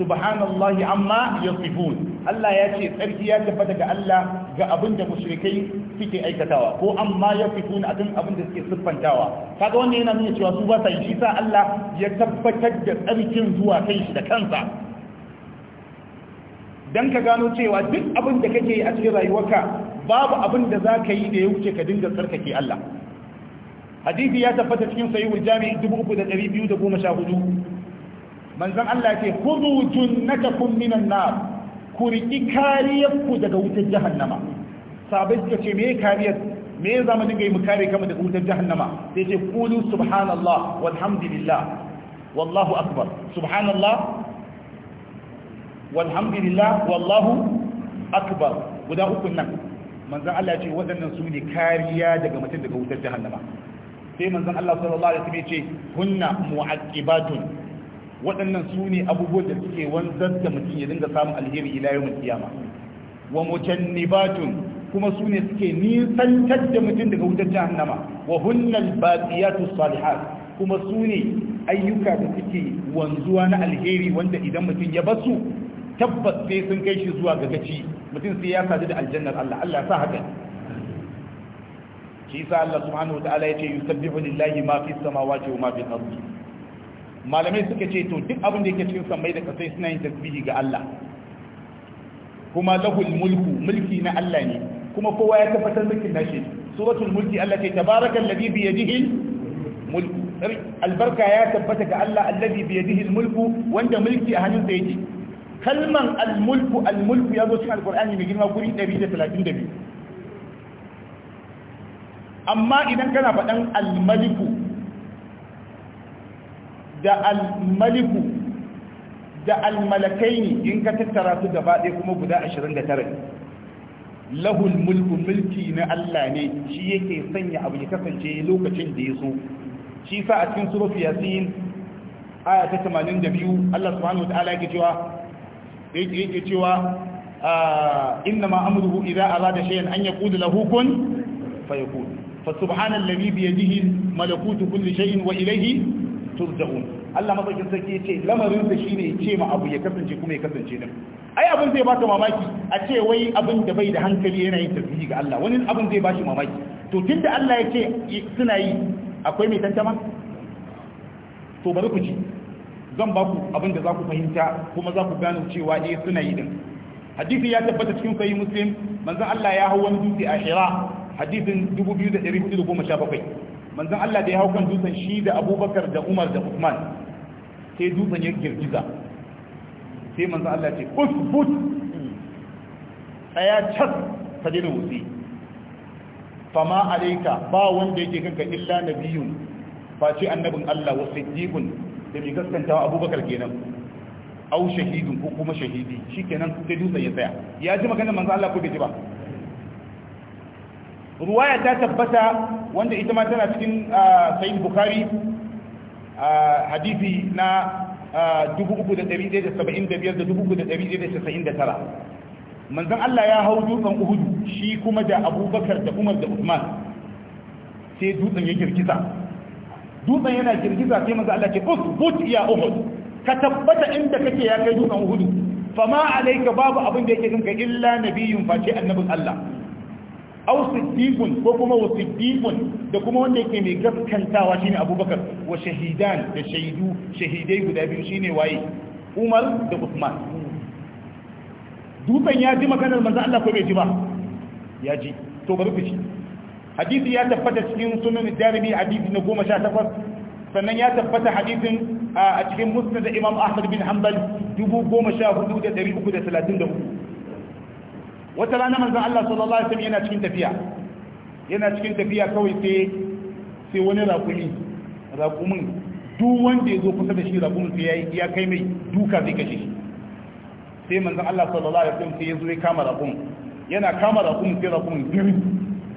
Speaker 1: subhanallahi amma yasifun Allah ya ce tsarki ya tabbata ga Allah ga abin da mushrikai suke aikatawa ko amma ya fito ne akan abin da suke siffantawa kaga wanda yana nuna cewa su ba sa yi sa Allah ya tabbatar da tsarkin zuwa kai shi da kansa dan ka gano cewa duk abin da kake yi a cikin rayuwarka babu abin da za ka yi da ya wuce ka dinga tsarkake Allah hadisi ya tabbata cikin sahihul jami 3214 manzon Allah ya ce khudhu junnatakum minan nar ku riƙi kariyarku daga wutar jahannama sabai suka ce me kariyar me za mu dinga yi mu kare kama daga wutar jahannama sai ce kulu subhanallah walhamdulillah wallahu akbar subhanallah walhamdulillah wallahu akbar guda uku nan manzon Allah ya ce waɗannan su ne kariya daga mutum daga wutar jahannama sai manzan Allah sallallahu alaihi wasallam ya ce hunna mu'aqibatun waɗannan su ne abubuwan da suke wanzar da mutum ya dinga samun alheri ila mai kiyama wa mujannibatun kuma su ne suke nisantar da mutum daga wutar jahannama wa hunnal baqiyatu salihat kuma su ne ayyuka da suke wanzuwa na alheri wanda idan mutum ya basu tabbas sai sun kai shi zuwa ga gaci mutum sai ya sadu da aljannar Allah Allah sa haka shi sa Allah subhanahu wa ta'ala yace yusabbihu lillahi ma fis samawati wa ma fil ardi malamai suka ce to duk abin da yake cikin sammai da kasai suna yin tasbihi ga Allah kuma lahul mulku mulki na Allah ne kuma kowa ya tabbatar mulkin nashi suratul mulki Allah ce tabarakal ladhi bi yadihi mulku albarka ya tabbata ga Allah alladhi bi yadihi mulku wanda mulki a hannunsa yake kalman al-mulku al-mulku ya zo cikin alqur'ani mai girma guri 132 amma idan kana faɗan almaliku. da al da al-malakaini in ka tattara su gaba ɗaya kuma guda 29 lahul mulku mulki na Allah ne shi yake sanya abu ya kasance lokacin da ya so shi sa a cikin suratu yasin aya ta 82 Allah subhanahu wataala yake cewa yake cewa ah, inna ma amruhu idza arada shay'an an yaqulu lahu kun fayakun fa subhana alladhi bi yadihi malakutu kulli shay'in wa ilayhi turja'un Allah madaukin sarki yace lamarin sa shine ce ma abu ya kasance kuma ya kasance din ai abin zai baka mamaki a ce wai abin da bai da hankali yana yin tasbihi ga Allah wani abin zai bashi mamaki to tunda Allah ya ce suna yi akwai mai tantama to bari ku ji zan ba ku abin da za ku fahimta kuma za ku gano cewa eh suna yi din hadisi ya tabbata cikin sahih muslim manzon Allah ya hawo wani dutse a Hira hadisin 2417 manzon Allah da ya hau kan dutsen shi da abubakar da umar da usman sai dutsen ya girgiza sai manzon Allah ce usbut tsaya cas ka daina wutsi fama alaika ba wanda yake kanka illa nabiyun face annabin Allah wa siddiqun da mai gaskantawa abubakar kenan au shahidun ko kuma shahidi shikenan sai dutsen ya tsaya ya ji maganin manzo Allah ko bai ji ba ruwaya ta tabbata wanda ita ma tana cikin ah, sahih bukhari ah, hadithi na 3175 ah, da 3199 manzon Allah ya hau dutsen Uhudu shi kuma da Abubakar da Umar da Usman sai dutsen ya girgiza dutsen yana girgiza sai manzon Allah ce usbut ya Uhud ka tabbata inda kake ya kai dutsen Uhud fama alaika babu abin da yake kanka illa nabiyyun face annabin Allah aw siddiqun ko kuma wa siddiqun da kuma wanda yake mai gaskantawa shine abubakar wa shahidan da shaidu shahidai guda biyu shine waye umar da usman dutsen ya ji maganar manzo Allah ko bai ji ba ya ji to bari ku ci hadisi ya tabbata cikin sunan darimi hadisi na 18 sannan ya tabbata hadisin a cikin musnad da imam ahmad bin hanbal 14334 wata rana manzon Allah sallallahu alaihi wasallam yana cikin tafiya yana cikin tafiya kawai sai sai wani raƙumi raƙumin duk wanda ya zo kusa da shi raƙumin sai ya kai mai duka zai kashe shi sai manzon Allah sallallahu alaihi wasallam sai ya zo ya kama raƙumin yana kama raƙumin sai raƙumin dirin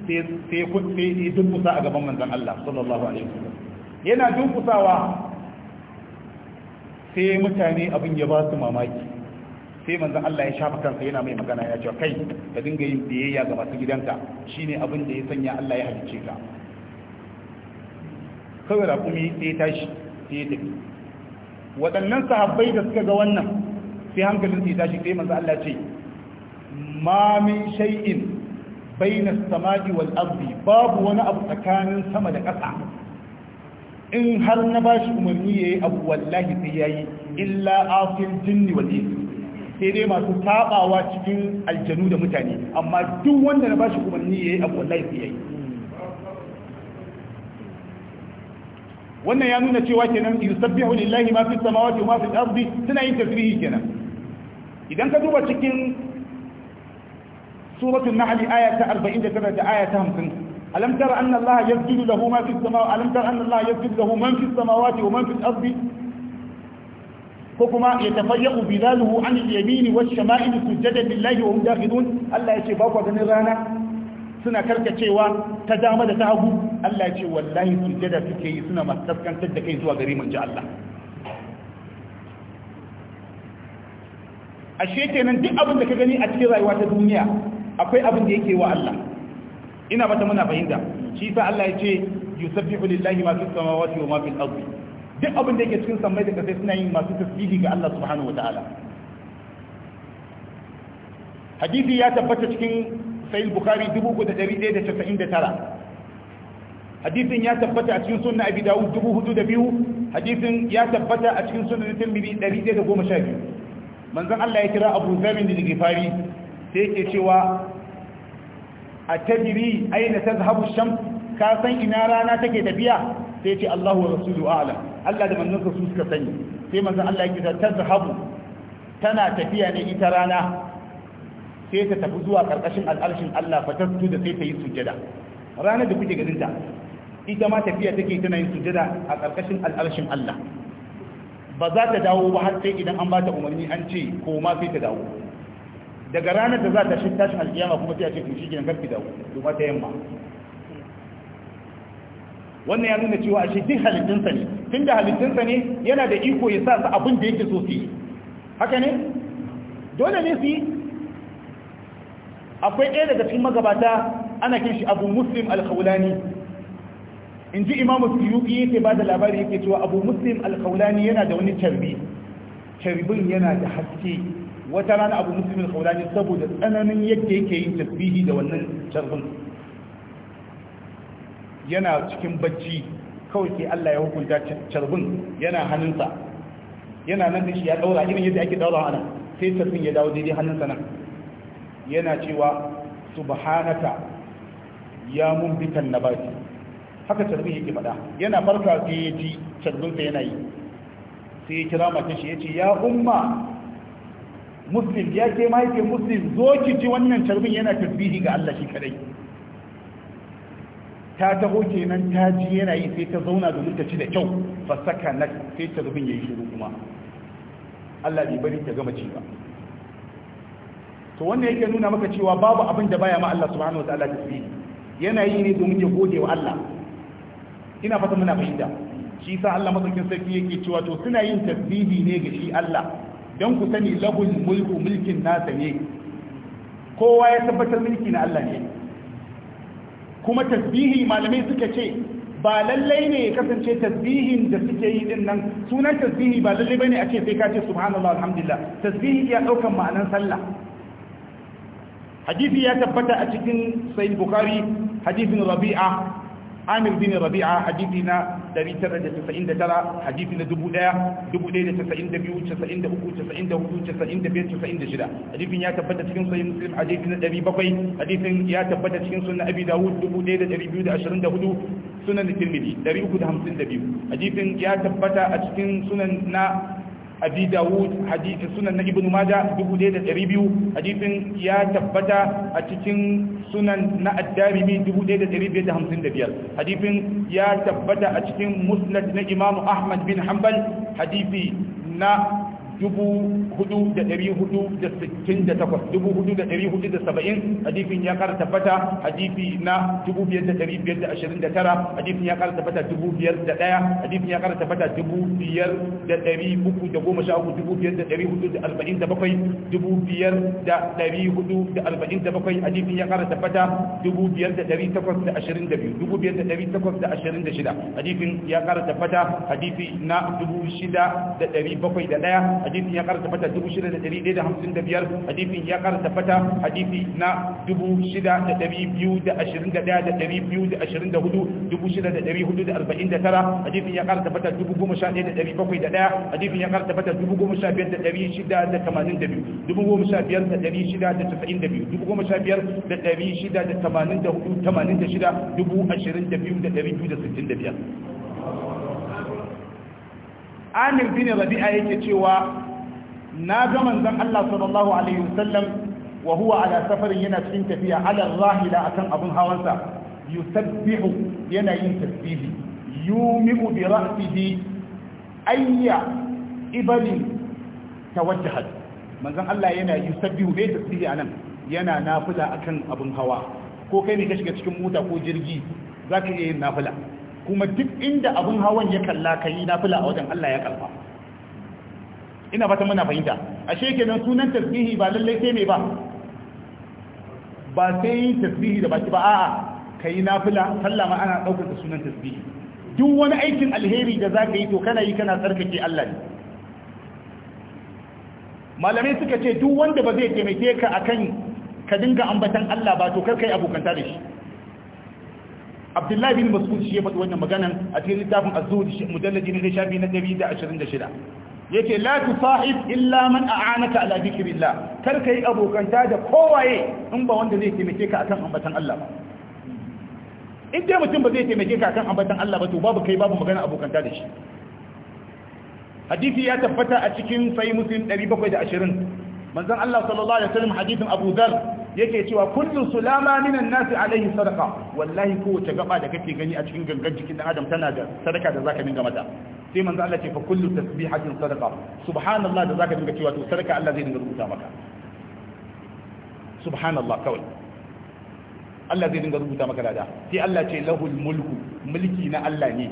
Speaker 1: sai sai sai ya dunkusa a gaban manzon Allah sallallahu alaihi wasallam yana dunkusawa sai mutane abin ya ba su mamaki sai manzon Allah ya shafa kansa yana mai magana ya ce kai ka dinga yin biyayya ga masu gidanka shine abin da ya sanya Allah ya halicce ka kawai raƙumi sai ya tashi sai ya tafi waɗannan sahabbai da suka ga wannan sai hankalin sai tashi sai manzo Allah ce ma min shay'in baina samadi wal ardi babu wani abu tsakanin sama da ƙasa in har na bashi umarni yayi abu wallahi sai yayi illa afil jinni wal insi sai dai masu sabawa cikin aljanu da mutane amma duk wanda na bashi umarni yi abu wallahi sai yayi wannan ya nuna cewa kenan yusabbihu lillahi ma fis samawati wa ma fil ardi suna yin tasbihi kenan idan ka duba cikin suratul nahl aya ta 49 da aya ta 50 ألم تر أن الله يسجد له ما في السماوات ألم تر أن الله يسجد له من في السماوات ومن في الأرض ko kuma ya tafayyu bilaluhu an al-yamin wa shama'il sujada lillahi wa hum dakhilun Allah yace ba ku ganin rana suna karkacewa ta dama da ta hagu Allah ce wallahi sujada suke yi suna masaskantar da kai zuwa gari mun Allah ashe kenan duk abin da ka gani a cikin rayuwa ta duniya akwai abin da yake wa Allah ina bata muna fahimta shi sa Allah ce yusabbihu lillahi ma fis samawati wa ma fil ardi duk abin da yake cikin sammai da kasai suna yin masu tasbihi ga Allah subhanahu ta'ala hadisi ya tabbata cikin sahih bukhari 3199 hadisin ya tabbata a cikin sunna abi dawud dubu da biyu hadisin ya tabbata a cikin sunna tirmidhi 1112 da goma sha biyu manzon Allah ya kira abu zamin da gifari sai yake cewa a tajiri aina tazhabu shams ka san ina rana take tafiya sai ce Allahu wa rasulu a'lam Allah da manzansa su suka sani sai manzan Allah ya kisa tazhabu tana tafiya ne ita rana sai ta tafi zuwa karkashin al'arshin Allah fa tasdu da sai ta yi sujjada ranar da kuke ganin ta ita ma tafiya take tana yin sujjada a karkashin al'arshin Allah ba za ta dawo ba har sai idan an ba ta umarni an ce ko ma sai ta dawo daga ranar da za ta shi tashin alkiyama kuma sai a ce to shi gidan garki dawo to ta yamma wannan ya nuna cewa ashe duk halittunsa ne tun da halittunsa ne yana da iko ya sa su abin da yake so su yi haka ne dole ne su yi akwai ɗaya daga cikin magabata ana kin shi abu muslim alkaulani in ji imamu suyuki yake ba da labari yake cewa abu muslim alkaulani yana da wani carbi carbin yana da haske wata rana abu muslim alkaulani saboda tsananin yadda yake yin tasbihi da wannan carbin yana cikin bacci kawai sai Allah ya hukunta carbin yana hannunsa yana nan da shi ya daura irin yadda ake daura ana sai carbin ya dawo daidai hannunsa nan yana cewa subhanaka ya na baki. haka carbin yake faɗa yana farka sai ya ji carbinsa yana yi sai ya kira mace shi ya ce ya umma muslim ya ce mahaifin muslim zo ki ci wannan carbin yana tasbihi ga Allah shi kadai ta taho kenan ta ji yana yi sai ta zauna domin ta ci da kyau fa saka na sai ta zubin yayi shiru kuma Allah bai bari ta gama ci ba to wannan yake nuna maka cewa babu abin da baya ma Allah subhanahu wataala tasbihi yana yi ne domin ya gode wa Allah ina fata muna fahimta shi sa Allah madaukin sarki yake cewa to suna yin tasbihi ne ga shi Allah dan ku sani lahul mulku mulkin nasa ne kowa ya tabbatar mulki na Allah ne kuma tasbihi malamai suka ce ba lallai ne ya kasance tasbihin da suke yi din nan sunan tasbihi ba lallai bane a ce sai ka ce subhanallah alhamdulillah tasbihi ya daukan ma'anan sallah hadisi ya tabbata a cikin sahih bukhari hadisin rabi'a amir bin rabi'a hadisi na 999 hadisi na 1000 1192 93 94 95 hadisin ya tabbata cikin sahih muslim hadisi na 700 hadisin ya tabbata cikin sunan abi dawud 1224 sunan tirmidhi 352 hadisin ya tabbata a cikin sunan na abi dawud hadisi sunan na ibnu maja 1200 hadisin ya tabbata a cikin sunan na ad-darimi hadisin ya tabbata a cikin musnad na imam ahmad bin hanbal hadisi na dubu hudu da ɗari hudu da sittin da takwas dubu hudu da ɗari hudu da saba'in hadifin ya ƙara tabbata hadifi na dubu biyar da ɗari biyar da ashirin da tara hadifin ya ƙara tabbata dubu biyar da ɗaya hadifin ya ƙara tabbata dubu biyar da ɗari uku da goma sha uku dubu biyar da ɗari hudu da arba'in da bakwai dubu biyar da ɗari hudu da arba'in da bakwai hadifin ya ƙara tabbata dubu biyar da ɗari takwas da ashirin da biyu dubu biyar da ɗari takwas da ashirin da shida hadifin ya kara tabbata hadifi na dubu shida da dari bakwai da ɗaya hadisin ya karanta fata 6155 hadisin ya karanta fata hadisi na 6221 hadisin ya karanta fata 10701 hadisin ya karanta fata 15682 15692 15684 86 amir bin rabi'a yake cewa na ga manzon Allah sallallahu alaihi wasallam wa huwa ala safarin yana cikin tafiya ala rahila akan abun hawansa yusabbihu yana yin tasbihi yumi'u bi ra'sihi ayya ibali tawajjahat manzon Allah yana yusabbihu bai tasbihi anan yana nafila akan abun hawa ko kai ne ka shiga cikin mota ko jirgi zaka iya yin nafila kuma duk inda abin hawan ya kalla ka yi nafila a wajen Allah ya karfa ina fata muna fahimta ashe nan sunan tasbihi ba lallai sai me ba ba sai tasbihi da baki ba a'a ka kai nafila sallah ma ana daukar da sunan tasbihi duk wani aikin alheri da za ka yi to kana yi kana tsarkake Allah ne malamai suka ce duk wanda ba zai taimake ka akan ka dinga ambatan Allah ba to kar kai abokanta da shi abdullahi bin mas'ud shi ya faɗi wannan maganan a cikin littafin az-zuhd mujalladi ne shafi na 126 yake la tusahib illa man a'anaka ala dhikrillah kar kai abokanta da kowaye in ba wanda zai taimake ka akan ambatan Allah ba in dai mutum ba zai taimake ka akan ambatan Allah ba to babu kai babu magana abokanta da shi hadisi ya tabbata a cikin sahih muslim 720 manzon Allah sallallahu alaihi wasallam hadisin Abu Dharr yake cewa kullu sulama minan nasi alaihi sadaqa wallahi kowace gaba da kake gani a cikin gangan jikin dan adam tana da sadaka da zaka dinga mata sai manzo Allah ce fa kullu tasbihatin sadaqa subhanallah da zaka dinga cewa to sadaka Allah zai dinga rubuta maka subhanallah kawai Allah zai dinga rubuta maka lada sai Allah ce lahul mulku mulki na Allah ne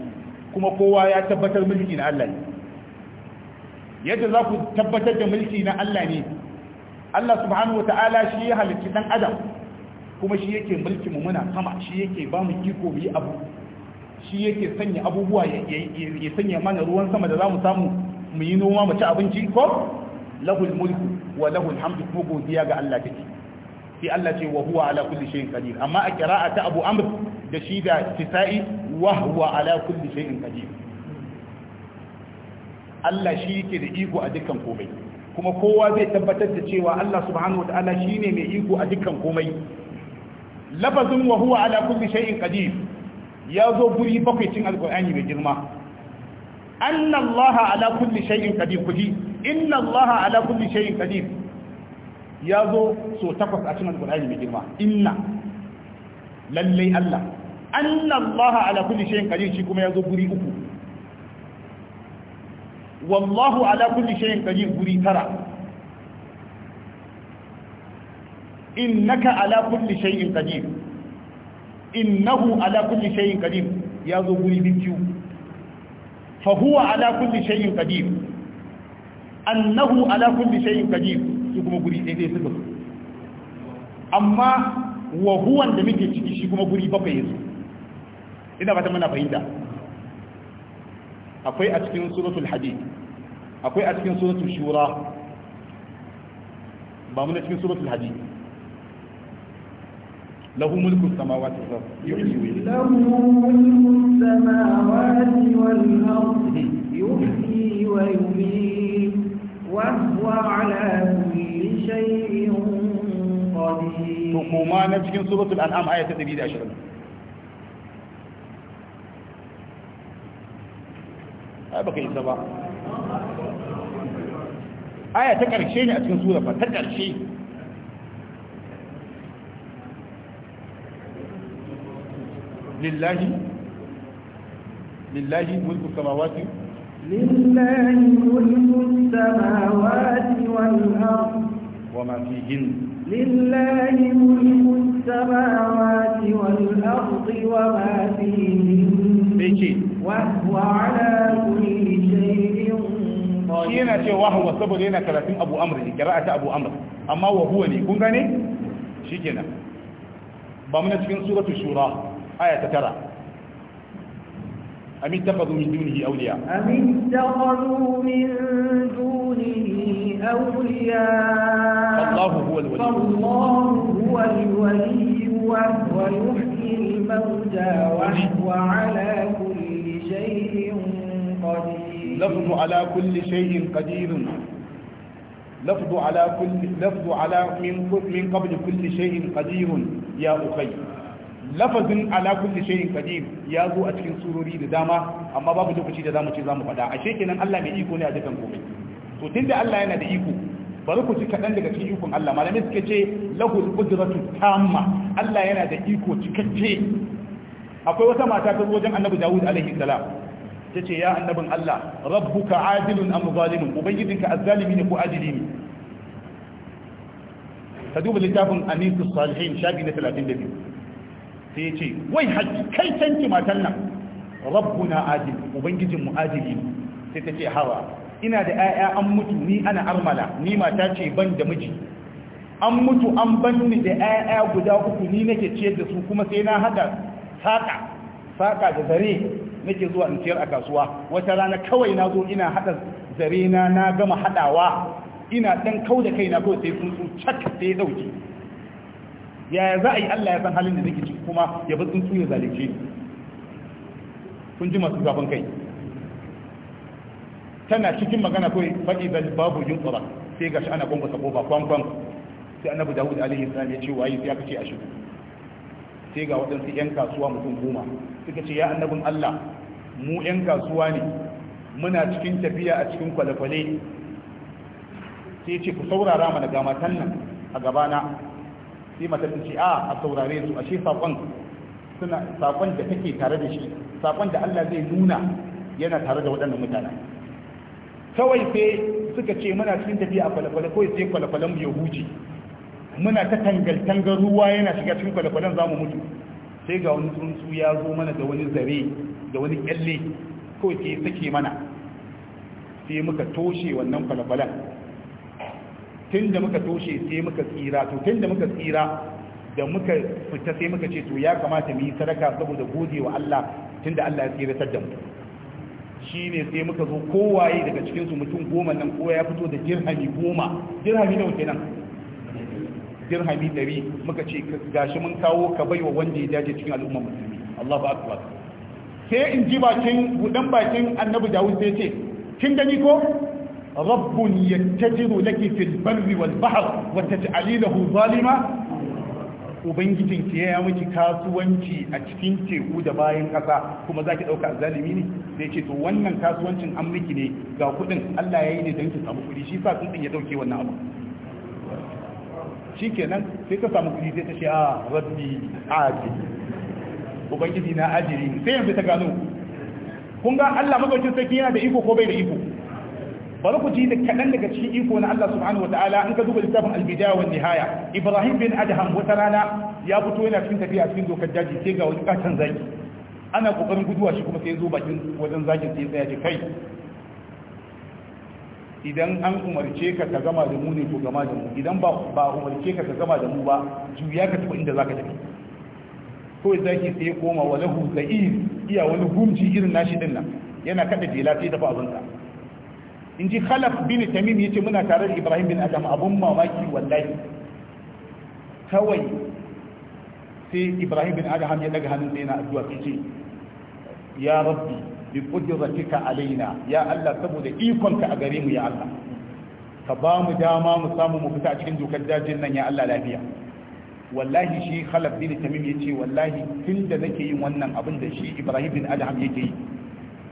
Speaker 1: kuma kowa ya tabbatar mulki na Allah ne yadda za ku tabbatar da mulki na Allah ne Allah subhanahu wa ta'ala shi ya halicci dan adam kuma shi yake mulki mu muna sama shi yake ba mu iko mu yi abu shi yake sanya abubuwa ya sanya mana ruwan sama da zamu samu mu yi noma mu ci abinci ko lahul mulku wa lahul hamdu kuma godiya ga Allah take sai Allah ce wa huwa ala kulli shay'in qadir amma a qira'a ta Abu Amr da shi da Tisa'i wa huwa ala kulli shay'in qadir Allah shi yake da iko a dukkan komai kuma kowa zai tabbatar da cewa Allah subhanahu wataala shine mai iko a dukkan komai lafazin wa huwa ala kulli shay'in qadir ya zo guri bakwai cin alqur'ani mai girma anna Allah ala kulli shay'in qadir kuji inna Allah ala kulli shay'in qadir ya zo so takwas a cin alkur'ani mai girma inna lallai Allah anna Allah ala kulli shay'in qadir shi kuma ya zo guri uku wallahu ala kulli shay'in qadir guri tara innaka ala kulli shay'in qadir innahu ala kulli shay'in qadir ya zo guri biyu fa huwa ala kulli shay'in qadir annahu ala kulli shay'in qadir su kuma guri ɗaya ɗaya suka amma wa huwan da muke ciki shi kuma guri bakwai yanzu, ina ba ta muna fahimta akwai a cikin suratul hadid akwai a cikin suratul shura ba mu na cikin suratul hadid له ملك السماوات والأرض يحيي له
Speaker 2: ملك السماوات والأرض يحيي ويميت وهو على كل شيء قدير
Speaker 1: تقومان cikin suratul an'am 120 ai baka isa ba aya ta ƙarshe ne a cikin sura fa ta ƙarshe lillahi lillahi mulku samawati
Speaker 2: lillahi mulku samawati wal ard
Speaker 1: wama fihin
Speaker 2: لله ملك السماوات والأرض وما فيهن وهو على كل شيء
Speaker 1: shine ce wahuwa saboda yana karatun abu amr ne kira'a ta abu amr amma wahuwa ne kun gane shikenan ba muna cikin suratul shura aya ta tara أم اتخذوا من دونه أولياء أم
Speaker 2: اتخذوا من دونه أولياء الله هو الولي فالله هو الولي وهو يحيي الموتى وهو على كل
Speaker 1: لفظ على كل شيء قدير لفظ على كل لفظ على من من قبل كل شيء قدير يا أخي لفظ على كل شيء قدير يا zo a cikin surori da dama amma babu lokaci da zamu ce zamu faɗa ashe Allah mai iko ne a dukan komai to tunda Allah yana da iko bari ku ci kaɗan daga cikin ikon Allah malamai suka ce lahul qudratu tamma Allah yana da iko cikakke akwai wata mata ta wajen Annabi Dawud alaihi salam ce ya annabin Allah rabbuka adilun am zalimun ubangijinka azzalimi ne ko adili ne ka duba littafin anisu salihin shafi na 32 sai ya ce wai haƙi kai canki matan nan rabbuna adil ubangijinmu adili ne sai ta ce hawa ina da 'ya'ya an mutu ni ana armala ni mata ce ban da miji an mutu an ban ni da 'ya'ya guda uku ni nake ciyar da su kuma sai na haɗa saƙa saƙa da zare nake zuwa in siyar a kasuwa wata rana kawai na zo ina haɗa zare na na gama haɗawa ina ɗan kau da kaina kawai sai tsuntsu cak sai ɗauki yaya za a yi Allah ya san halin da nake ciki kuma ya bi tsuntsu ya zalunce ni kun ji masu zafin kai tana cikin magana kawai faɗi da babu yin tsara sai ga shi ana kwankwasa kwan-kwan. sai annabi dawud alaihi salam ya ce wayi sai aka ce a shigo sai ga waɗansu 'yan kasuwa mutum goma suka ce ya annabin Allah mu 'yan kasuwa ne muna cikin tafiya a cikin kwale-kwale sai ce ku saurara mana ga matan nan a gabana sai matan ce a a saurare su ashe saƙon suna saƙon da take tare da shi saƙon da Allah zai nuna yana tare da waɗannan mutanen kawai sai suka ce muna cikin tafiya a kwale-kwale kawai sai kwale-kwalen mu ya muna ta tangal-tangar ruwa yana shiga cikin kwale-kwalen za mu mutu sai ga wani tsuntsu ya zo mana da wani zare da wani kyalle kawai sai sake mana sai muka toshe wannan kwale-kwalen tun da muka toshe sai muka tsira to tun da muka tsira da muka fita sai muka ce to ya kamata mu yi sadaka saboda gode wa Allah tun da Allah ya tsiratar da mu shi ne sai muka zo kowaye daga cikinsu mutum goma nan kowa ya fito da dirhami goma dirhami nawa kenan dirhami ɗari muka ce gashi mun kawo ka baiwa wanda ya jaje cikin al'ummar musulmi Allahu akbar sai in ji bakin budan bakin annabi Dawud sai ce kin gani ko rabbun yattajiru laki fil barri wal bahr wa taj'aluhu zalima ubangijin ki yaya miki kasuwanci a cikin teku da bayan kasa kuma zaki dauka zalimi ne sai ce to wannan kasuwancin an miki ne ga kudin Allah yayi ne don ki samu kudi shi sa sun ya dauke wannan abu shikenan sai ka samu kuɗi sai ta ce a ah, rabbi aji ubangiji na ajiri sai yanzu ta gano kun ga Allah madaukakin sarki yana da iko ko bai da iko bari ku ji da kaɗan daga cikin iko na Allah subhanahu wataala in ka duba littafin albidaya wa nihaya Ibrahim bin Adham wata rana ya fito yana cikin tafiya cikin dokar daji sai ga wani katon zaki ana kokarin guduwa shi kuma sai ya zo bakin wajen zakin sai ya tsaya ce kai idan an umarce ka ka gama da mu ne ko gama da mu idan ba umarce ka ka gama da mu ba juya ka tafi inda zaka tafi ko zaki sai koma walahu za'ir iya wani gumji irin nashi din nan yana kada jela sai tafi abin ka. in ji khalaf bin tamim yace muna tare da ibrahim bin adam abun mamaki wallahi kawai sai ibrahim bin adam ya daga hannun sai na addu'a kace ya rabbi bi qudratika alaina ya Allah saboda ikonka a gare mu ya Allah ka ba mu dama mu samu mu fita cikin dokar dajin nan ya Allah lafiya wallahi shi Khalaf bin Tamim yace wallahi tunda nake yin wannan abin da shi Ibrahim bin Adham yake yi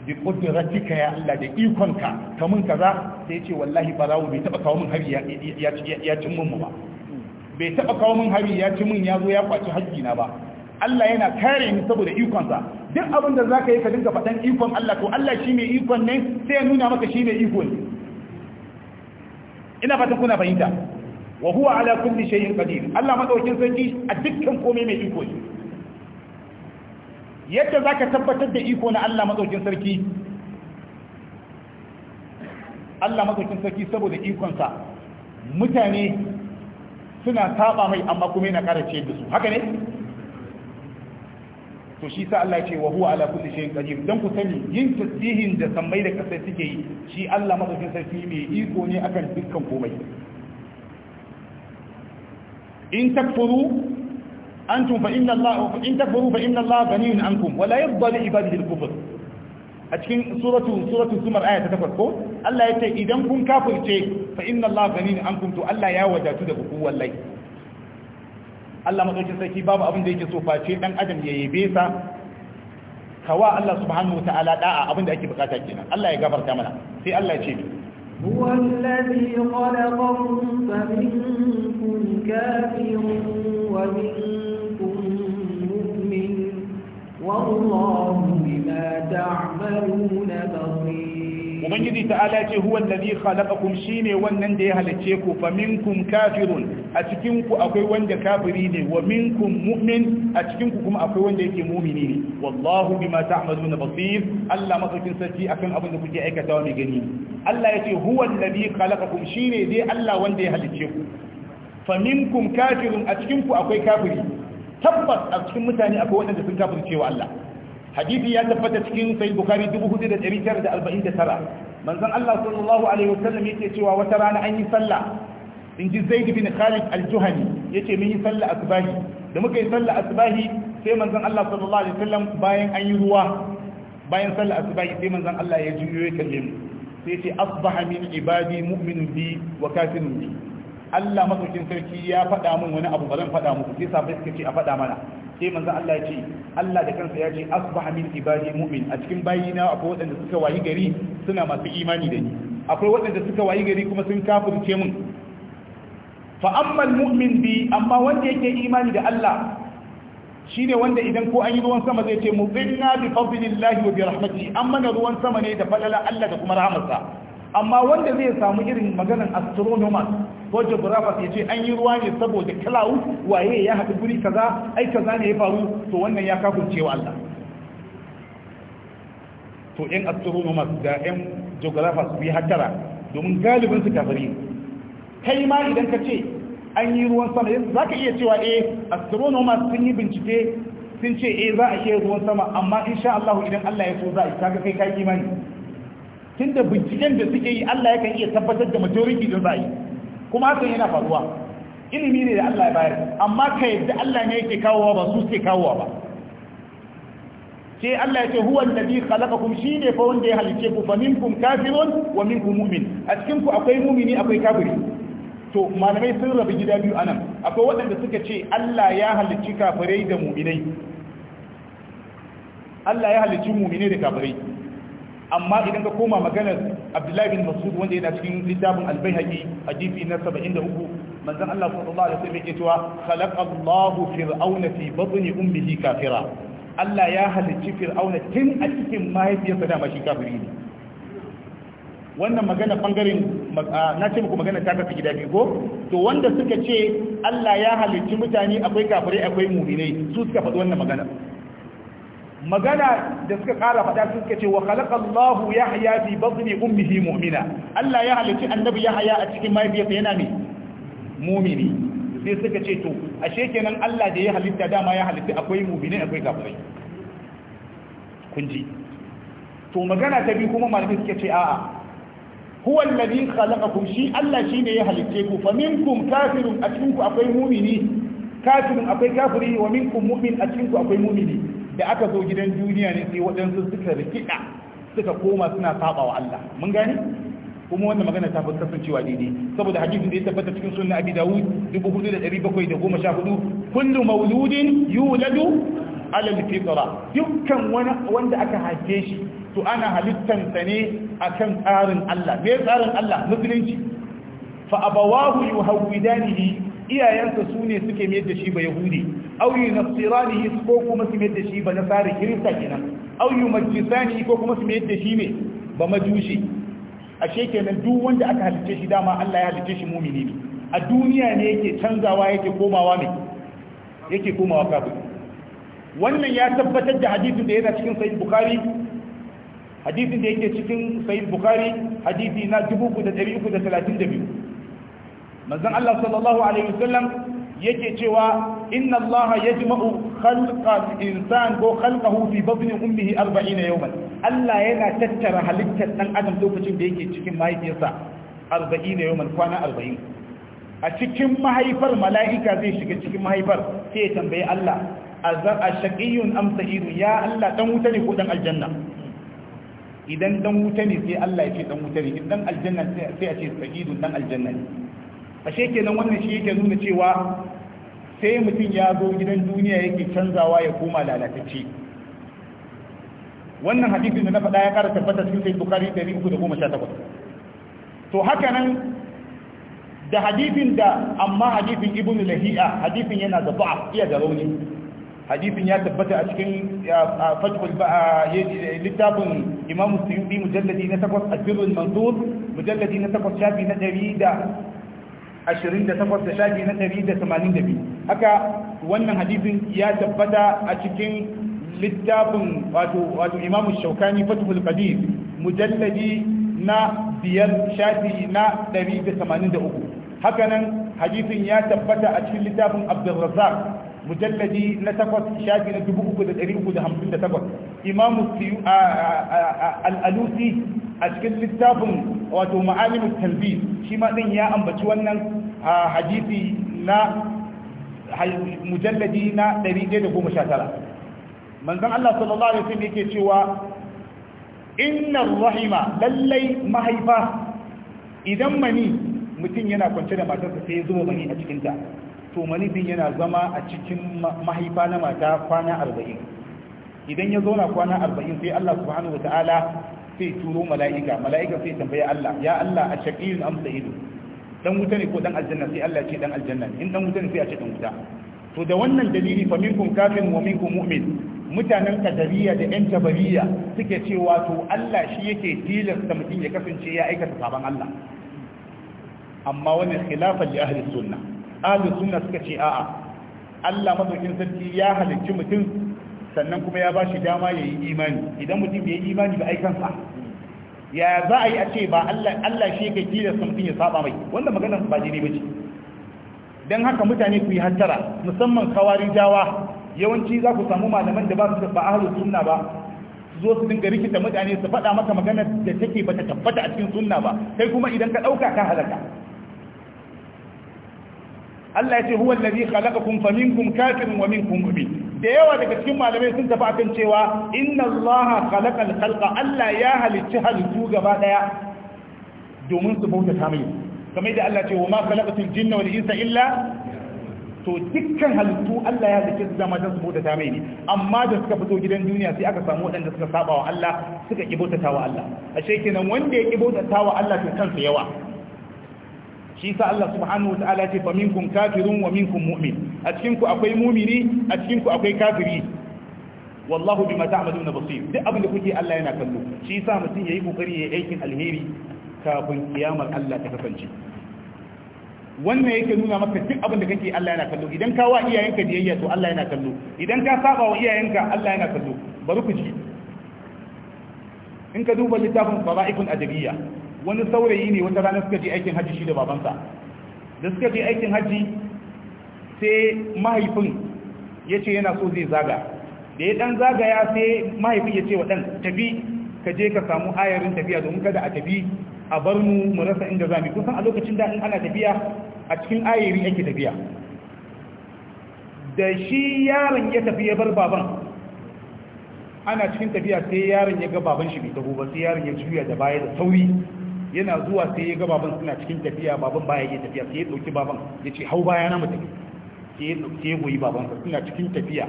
Speaker 1: bi qudratika ya Allah da ikonka kamun kaza sai yace wallahi barawo bai taba kawo mun hari ya ya cin mun ba bai taba kawo mun hari ya ci mun ya zo ya kwaci hajji na ba Allah yana kare ni saboda ikonsa duk abin da zaka yi ka dinga faɗan ikon Allah ko Allah shi mai ikon ne sai ya nuna maka shi mai iko ina fatan kuna fahimta wa huwa ala kulli shay'in qadir Allah madaukin sarki a dukkan komai mai iko ne yadda zaka tabbatar da iko na Allah madaukin sarki Allah madaukin sarki saboda ikonsa mutane suna saba mai amma kuma yana ƙara da su haka ne to shi sa Allah ya ce wa huwa ala kulli shay'in qadir dan ku sani yin tasbihin da sammai da kasai suke yi shi Allah madaukakin sarki mai iko ne akan dukkan komai in takfuru antum fa inna Allah in takfuru fa inna Allah ghaniyun ankum wa la yarda li ibadihi al-kufr a cikin suratu suratu zumar aya ta takwas ko Allah ya ce idan kun kafirce fa inna Allah ghaniyun ankum to Allah ya wadatu da ku wallahi Allah madaukin sarki babu abin da yake so face dan adam ya yabe sa kawa Allah subhanahu wataala da'a abin da ake bukata kenan Allah ya gafarta mana sai Allah ya ce هو الذي خلقكم فمنكم كافر ومنكم مؤمن والله بما تعملون بصير ubangiji ta'ala ce huwa allazi khalaqakum shine wannan da ya halice ku fa minkum kafirun a cikin ku akwai wanda kafiri ne wa minkum mu'min a cikin ku kuma akwai wanda yake mu'mini ne wallahu bima ta'maluna basir Allah madaukin sarki akan abin da kuke aikatawa mai gani Allah yace huwa allazi khalaqakum shine dai Allah wanda ya halice ku fa minkum kafirun a cikin ku akwai kafiri tabbas a cikin mutane akwai wanda sun kafirce wa Allah hadisi ya tabbata cikin sai bukari dubu hudu da da da 4949 manzon Allah sallallahu alaihi wasallam yake cewa wata rana an yi sallah in ji zaid bin khalid al-juhani yace mun yi sallah asbahi da muka yi sallah asbahi sai manzon Allah sallallahu alaihi wasallam bayan an yi ruwa bayan sallah asbahi sai manzon Allah ya juyo ya kalle mu sai yace asbaha min ibadi mu'minun bi wa kafirun bi Allah madaukin sarki ya faɗa min wani abu ba zan faɗa muku sai sabai suka ce a faɗa mana sai manzo Allah ya ce Allah da kansa ya ce asbaha min ibadi mu'min a cikin bayina akwai waɗanda suka wayi gari suna masu imani da ni akwai waɗanda suka wayi gari kuma sun kafirce mun fa amma mu'min bi amma wanda yake imani da Allah shine wanda idan ko an yi ruwan sama zai ce mu'minna bi fadlillahi wa bi rahmatihi amma na ruwan sama ne da falala Allah da kuma rahmatsa amma wanda zai samu irin maganar astronomers ko geographer ya ce an yi ruwa ne saboda cloud waye ya haɗu guri kaza ai kaza ne ya faru to wannan ya kafurce wa Allah to yan astronomers da yan geographers su yi hattara domin galibin su kafiri kai ma idan ka ce an yi ruwan sama yanzu za ka iya cewa eh astronomers sun yi bincike sun ce eh za a iya ruwan sama amma insha Allah idan Allah ya so za a isa ga kai kai imani tunda binciken da suke yi Allah ya kan iya tabbatar da majority da za a yi kuma hakan yana faruwa ilimi ne da Allah ya bayar amma ka yadda Allah ne yake kawowa ba su suke kawowa ba sai Allah ya ce huwa alladhi khalaqakum shine fa wanda ya halice ku fa minkum kafirun wa minkum mu'min a cikin ku akwai mu'mini akwai kafiri to malamai sun rabu gida biyu anan akwai waɗanda suka ce Allah ya halicci kafirai da mu'minai Allah ya halicci mu'minai da kafirai amma idan ka koma maganar abdullahi bin masud wanda yana cikin littafin a hadisi na 73 manzon Allah sallallahu alaihi wasallam yake cewa khalaqa Allahu fir'auna fi batni ummihi kafira Allah ya halicci fir'auna tun a cikin mahaifiyarsa da mashi kafiri ne wannan magana bangaren na ce muku magana ta kafi gida biyu ko to wanda suka ce Allah ya halicci mutane akwai kafirai akwai mu'minai su suka faɗi wannan magana magana da suka kara faɗa sun suka ce wa Allahu yahya fi batni ummihi mu'mina Allah ya halitta annabi yahya a cikin mahaifiyarsa yana ne mu'mini sai suka ce to ashe kenan Allah da ya halitta dama ya halitta akwai mu'mini akwai kafirai kun ji to magana ta bi kuma malamai suka ce a'a huwa alladhi khalaqakum shi Allah shine ya halicce ku fa minkum kafirun a cikin ku akwai mu'mini kafirun akwai kafiri wa minkum mu'min a cikin ku akwai mu'mini da aka zo gidan duniya ne sai waɗansu suka rikida suka koma suna saba wa Allah mun gane kuma wannan magana ta fuskar kasancewa daidai saboda hadisin da ya tabbata cikin sunna abi dawud 4714 kullu mauludin yuladu ala alfitra dukkan wani wanda aka haife shi to ana halittan sa ne akan tsarin Allah me tsarin Allah musulunci fa abawahu yuhawidanihi iyayensa sune suke mayar da shi ba yahudi au yunasiranihi ko kuma su mai da shi ba na tsari kirista kenan au yumajjisani ko kuma su mai da shi ne ba majushi ashe kenan duk wanda aka halice shi dama Allah ya halice shi mumini ne a duniya ne yake canzawa yake komawa ne yake komawa kafin wannan ya tabbatar da hadisin da yana cikin sahih bukhari hadisin da yake cikin sahih bukhari hadisi na 3332 manzon Allah sallallahu alaihi wasallam yake cewa إن الله يجمع خلق الإنسان بو خلقه في بطن أمه أربعين يوما ألا ينا تترى هلكة أن أدم دوكة بيكي تكين ما يبيسا أربعين يوما كوانا أربعين أتكين ما هيفر ملائكة زي شكين تكين ما هيفر سيتم بي الله أشقي أم سعيد يا الله تموتني قدام الجنة idan dan wuta ne sai Allah ya ce dan wuta ne idan aljanna sai a ce sajidun dan aljanna ne ashe kenan wannan shi yake nuna cewa sai mutum ya zo gidan duniya yake canzawa ya koma lalatacce wannan hadisi da na faɗa ya ƙara tabbata cikin sai bukari 318 to haka nan da hadisin da amma hadisin ibn lahi'a hadisin yana da ba'a iya da rauni hadisin ya tabbata a cikin fatul littafin imam suyubi mujalladi na takwas a jirgin mansur mujalladi na takwas shafi na ɗari da ashirin da takwas da shafi na ɗari da tamanin da biyu haka wannan hadisin ya tabbata a cikin littafin wato wato imamu shaukani fatuhul qadir mujalladi na biyar shafi na ɗari da tamanin da uku haka nan hadisin ya tabbata a cikin littafin abdulrazak mujalladi na takwas shafi na dubu uku da ɗari uku da hamsin da takwas imamu al'alusi a cikin littafin wato ma'aminu talbi shi ma ɗin ya ambaci wannan hadisi na mujalladi na ɗari ɗaya da goma sha tara manzon Allah sallallahu alaihi wasallam yake cewa innar rahima lallai mahaifa idan mani mutum yana kwance da matarsa sai ya zuba mani a cikinta to manifin yana zama a cikin mahaifa na mata kwana arba'in idan ya zauna kwana arba'in sai Allah subhanahu wa ta'ala sai turo mala'ika mala'ika sai tambaya Allah ya Allah a shaqiyun amsa ido. dan wuta ne ko dan aljanna sai Allah ce dan aljanna in dan wuta ne sai a ce dan wuta to da wannan dalili fa minkum kafirun wa minkum mu'min mutanen kadariya da yan tabariya suke cewa to Allah shi yake tilasta mutum ya kasance ya aikata saban Allah amma wannan khilafan li ahli sunnah ahlus sunna suka ce a'a Allah madaukin sarki ya halicci mutum sannan kuma ya bashi dama yayi imani idan mutum bai yi imani ba ai kansa ya za a yi a ce ba Allah Allah shi yake kila sun ya saba mai wannan maganar ba daidai ce dan haka mutane ku yi hattara musamman kawari jawa yawanci za ku samu malaman da ba su da ahlus sunna ba zo su dinga rikita mutane su faɗa maka maganar da take bata tabbata a cikin sunna ba kai kuma idan ka ɗauka ka halaka Allah ya ce huwa allazi khalaqakum faminkum kafirun wa minkum mu'min da yawa daga cikin malamai sun tafi akan cewa inna allaha khalaqal khalqa Allah ya halicci halittu gaba daya domin su bauta ta mai kamar yadda Allah ce wa ma khalaqatul jinna wal insa illa to dukkan halittu Allah ya halicce zama dama don su bauta ta mai amma da suka fito gidan duniya sai aka samu waɗanda suka saba wa Allah suka ki bautata wa Allah ashe kenan wanda ya ki bautata wa Allah to kansa yawa shi sa Allah subhanahu wa ta'ala ce fa minkum kafirun wa minkum mu'min a cikin ku akwai mu'mini a cikin ku akwai kafiri wallahu bima ta'maluna basir duk abin da kuke Allah yana kallo shi sa mutum yayi kokari yayi aikin alheri kafin kiyamar Allah ta kasance wannan yake nuna maka duk abin da kake Allah yana kallo idan ka wa iyayenka biyayya to Allah yana kallo idan ka saba wa iyayenka Allah yana kallo bari ku ji in ka duba littafin fada'ikul adabiyya wani saurayi ne wata ranar suka je aikin hajji shi da babansa da suka je aikin hajji sai mahaifin ya ce yana so zai zaga da ya dan zagaya sai mahaifin ya ce wa dan tafi ka je ka samu ayarin tafiya domin kada a tafi a bar mu mu rasa inda zamu kusan a lokacin da in ana tafiya a cikin ayari ake tafiya da shi yaron ya tafi ya bar baban ana cikin tafiya sai yaron ya ga baban shi bai taho ba sai yaron ya juya da baya da sauri yana zuwa sai ya ga baban suna cikin tafiya baban baya yi tafiya sai ya dauki baban ya ce hau baya na mutum sai ya dauki ya goyi Babansa suna cikin tafiya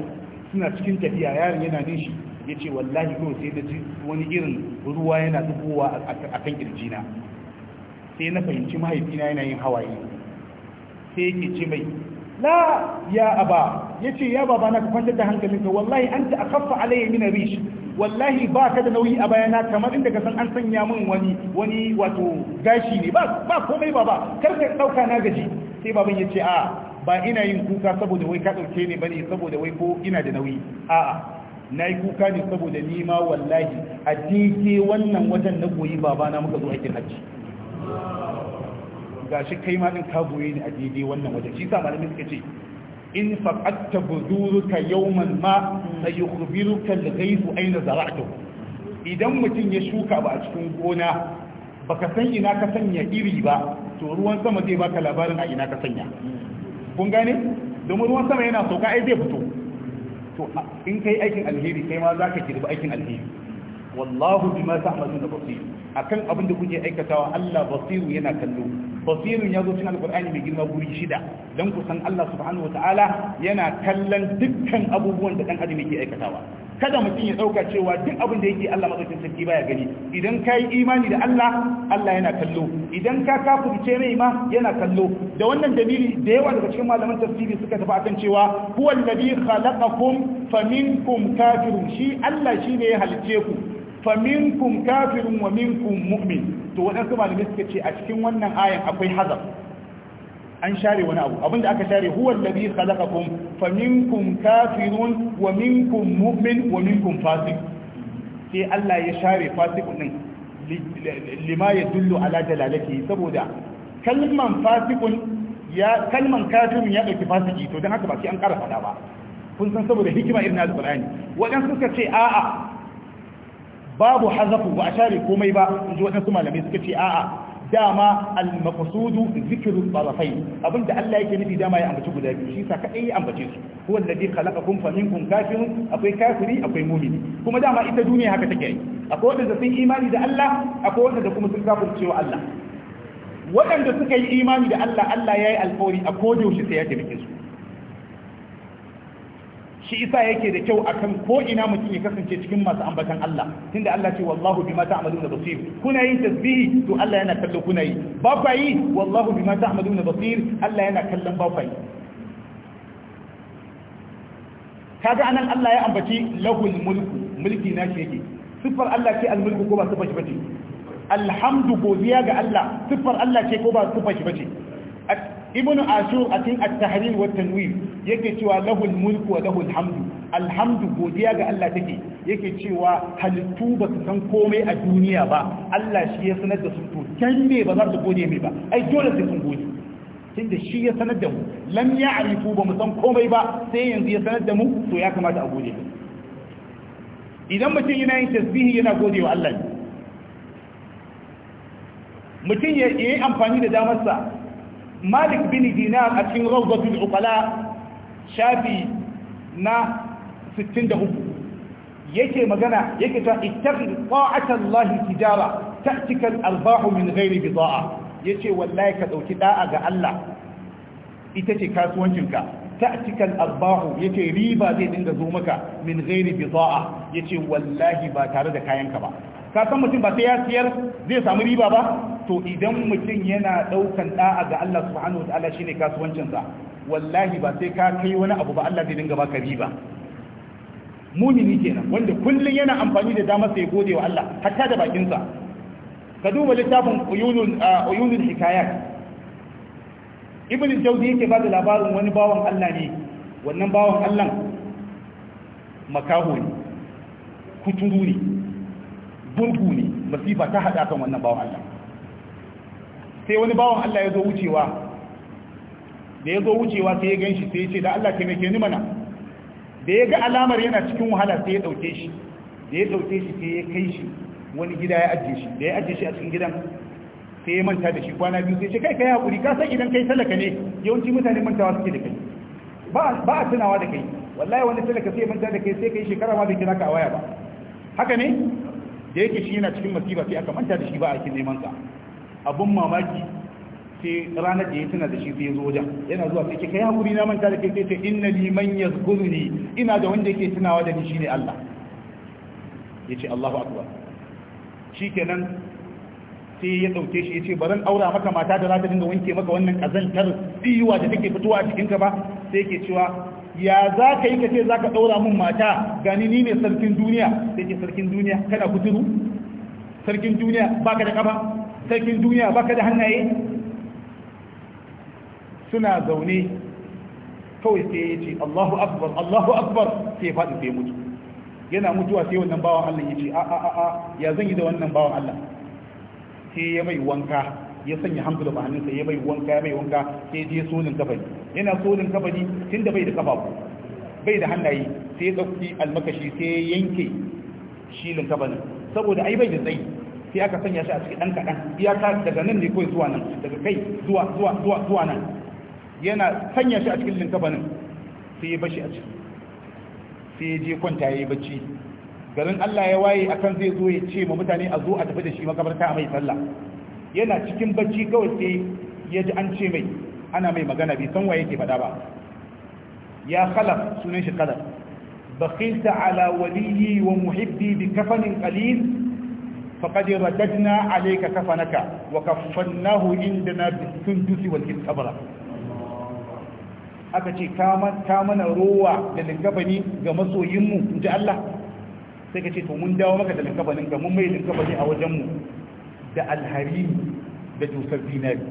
Speaker 1: suna cikin tafiya yaron yana nin shi ya ce wallahi kawai sai na ji wani irin ruwa yana zubowa a kan kirjina sai na fahimci mahaifina yana yin hawaye sai yake ce mai la ya aba ya ce ya baba na ka kwantar da hankalinka wallahi an ta akaffa alayya min rish wallahi ba ka da nauyi a bayana kamar inda ka san an sanya min wani wani wato gashi ne ba ba komai ba ba kar ka dauka na gaji sai baban ya ce a ba ina yin kuka saboda wai ka dauke ni bane saboda wai ko ina da nauyi a'a na yi kuka ne saboda ni ma wallahi a dike wannan watan na goyi babana muka zo aikin hajji gashi kai ma din ka goyi ni a dike wannan watan shi sa malamin suka ce in faqatta buzuruka yawman ma sayukhbiruka al-ghayth ayna idan mutum ya shuka ba a cikin gona baka san ina ka sanya iri ba to ruwan sama zai baka labarin a ina ka sanya kun gane domin ruwan sama yana sauka ai zai fito to in kai aikin alheri kai ma zaka girbi aikin alheri wallahu bima ta'maluna basir akan abin da kuke aikatawa Allah basiru yana kallo basirun ya zo cikin alqur'ani mai girma guri shida dan ku san Allah subhanahu wataala yana kallon dukkan abubuwan da dan adam yake aikatawa kada mutum ya dauka cewa duk abin da yake Allah madaukakin sarki baya gani idan kai imani da Allah Allah yana kallo idan ka kafirce mai ma yana kallo da wannan dalili da yawa daga cikin malaman tafsiri suka tafi akan cewa huwa alladhi khalaqakum faminkum kafirun shi Allah shine ya halice ku faminkum kafirun wa minkum mu'min to waɗansu malamai suka ce a cikin wannan ayan akwai hazaf an share wani abu abinda aka share huwa alladhi khalaqakum faminkum kafirun wa minkum mu'min wa minkum fasiq sai Allah ya share fasiqun din lima yadullu ala dalalati saboda kalman fasikun ya kalman kafirun ya dauki fasiki to dan haka ba sai an ƙara fada ba kun san saboda hikima irin alqur'ani Wadan suka ce a'a babu hazafu ba a share komai ba in ji waɗansu malamai suka ce a'a dama al-maqsudu zikru tarafai abinda Allah yake nufi dama ya ambaci guda biyu shi sa kadai ya ambace su huwa alladhi khalaqakum fa minkum kafirun akwai kafiri akwai mu'mini kuma dama ita duniya haka take akwai wanda sun imani da Allah akwai wanda kuma sun kafircewa Allah waɗanda suka yi imani da Allah Allah ya yi alƙawari a kodayaushe sai ya taimake su shi isa yake da kyau akan ko ina mutum ya kasance cikin masu ambatan Allah tunda Allah ce wallahu bima ta'maluna basir kuna yin tasbihi to Allah yana kallon kuna yi ba ku yi wallahu bima ta'maluna basir Allah yana kallon ba ku yi kaga anan Allah ya ambaci lahul mulku mulki na shi yake sifar Allah ce al-mulku ko ba sifar shi bace alhamdu godiya ga Allah sifar Allah ce ko ba sifar shi bace ibnu ashur a cikin at-tahrir wa tanwir yake cewa lahul mulku wa lahul hamdu alhamdu godiya ga Allah take yake cewa halittu ba su san komai a duniya ba Allah shi ya sanar da su to can ne ba za su gode mai ba ai dole sai sun gode tunda shi ya sanar da mu lam ya'rifu ba mu san komai ba sai yanzu ya sanar da mu to ya kamata a gode idan mutum yana yin tasbihi yana gode wa Allah mutum ya yi amfani da damarsa malik bin dinar a cikin rawdatul uqala shafi na 63 yake magana yake ta ittaqi ta'ata Allah tijara ta'tika al min ghairi bida'a yace wallahi ka dauki da'a ga Allah ita ce kasuwancinka ta'tika arbahu arbah yace riba zai dinga zo maka min ghairi bida'a yace wallahi ba tare da kayanka ba ka san mutum ba sai ya siyar zai samu riba ba to idan mutum yana daukan da'a ga Allah subhanahu wataala shine kasuwancin sa wallahi ba sai ka kai wani abu ba Allah zai dinga baka riba mumini kenan wanda kullun yana amfani da damar sa ya gode wa Allah hatta da bakin sa ka duba littafin uyunul uyunul hikayat ibn jawzi yake ba da labarin wani bawan Allah ne wannan bawan Allah makaho ne kuturu ne gurgu ne masifa ta hada kan wannan bawan Allah sai wani bawan Allah ya zo wucewa da ya zo wucewa sai ya gan shi sai ya ce da Allah taimake ni mana da ya ga alamar yana cikin wahala sai ya ɗauke shi da ya ɗauke shi sai ya kai shi wani gida ya ajiye shi da ya ajiye shi a cikin gidan sai ya manta da shi kwana biyu sai ce kai kai hakuri ka san idan kai talaka ne yawanci mutane mantawa suke da kai ba a tunawa da kai wallahi wani talaka sai ya manta da kai sai kai shekara ma bai kira ka a waya ba haka ne da yake shi yana cikin masifa sai aka manta da shi ba a kin neman sa abun mamaki sai ranar da ya tuna da shi sai ya zo wajen yana zuwa sai kai hakuri na manta da ke sai sai inna ni man yazkuruni ina da wanda yake tunawa da ni shine Allah yace Allahu akbar shikenan sai ya dauke shi yace baran aura maka mata da za ta dinga wanke maka wannan kazantar diwa da take fitowa a cikin ka ba sai yake cewa ya za ka yi ka ce za ka ɗaura mun mata gani ni ne sarkin duniya Sai ke sarkin duniya kana kuturu sarkin duniya ba ka da kaba sarkin duniya baka da hannaye suna zaune kawai sai ya ce Allahu akbar Allahu akbar sai ya faɗi sai mutu yana mutuwa sai wannan bawan Allah ya ce a a a ya zan yi da wannan bawan Allah sai ya mai wanka ya sanya hamdu da hannunsa ya mai wanka ya mai wanka sai je solin kafani yana solin kafani tunda bai da kafafu bai da hannaye sai ya dauki almakashi sai ya yanke shilin kafani saboda ai bai da tsayi sai aka sanya shi a cikin ɗan kaɗan iyaka daga nan ne kawai zuwa nan daga kai zuwa zuwa zuwa zuwa nan yana sanya shi a cikin linkafanin sai ya bashi a ciki sai ya je kwanta ya yi bacci garin Allah ya waye akan zai zo ya ce ma mutane a zo a tafi da shi makabarta a mai sallah yana cikin bacci kawai sai ya ji an ce mai ana mai magana bai san waye ke faɗa ba ya khalaf sunan shi khalaf bakhilta ala waliyyi wa muhibbi bi kafanin qalil فقد رددنا عليك كفنك وكفناه عندنا بالسندس والكسبرة aka ce ta mana rowa da linkabani ga masoyinmu in ji Allah sai ka ce to mun dawo maka da linkabanin ga mun mai linkabani a wajenmu da alhari da dusar zinari.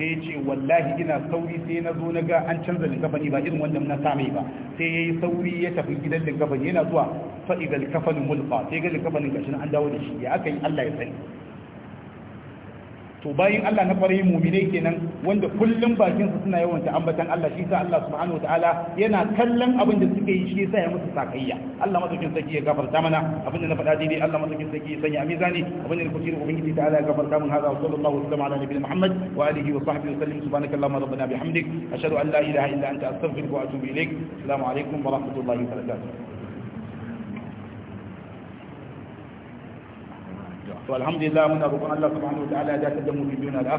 Speaker 1: sai ya ce wallahi ina sauri sai na zo na ga an canza likafani ba irin wannan na same ba sai ya yi sauri ya tafi gidan likafani yana zuwa fa'iza likafanin mulfa sai ga likafanin gashi an dawo da shi ya aka yi Allah ya sani to bayin Allah na kwarai muminai kenan wanda kullum bakin su suna yawan ta ambatan Allah shi sa Allah subhanahu wataala yana kallon abin da suke yi shi yasa ya musu sakayya Allah madaukin sarki ya gafarta mana abin da na faɗa daidai Allah madaukin sarki ya sanya a mizani abin da kuke ubangiji ta'ala ya gafarta mun hada wa sallallahu alaihi wa sallam ala nabiyina Muhammad wa alihi wa sahbihi wa sallam subhanaka allahumma rabbana bihamdik ashhadu an la ilaha illa anta astaghfiruka wa atubu ilaik assalamu alaikum wa rahmatullahi wa barakatuh to alhamdulillah muna roƙon Allah subhanahu ala ya da mu duniya da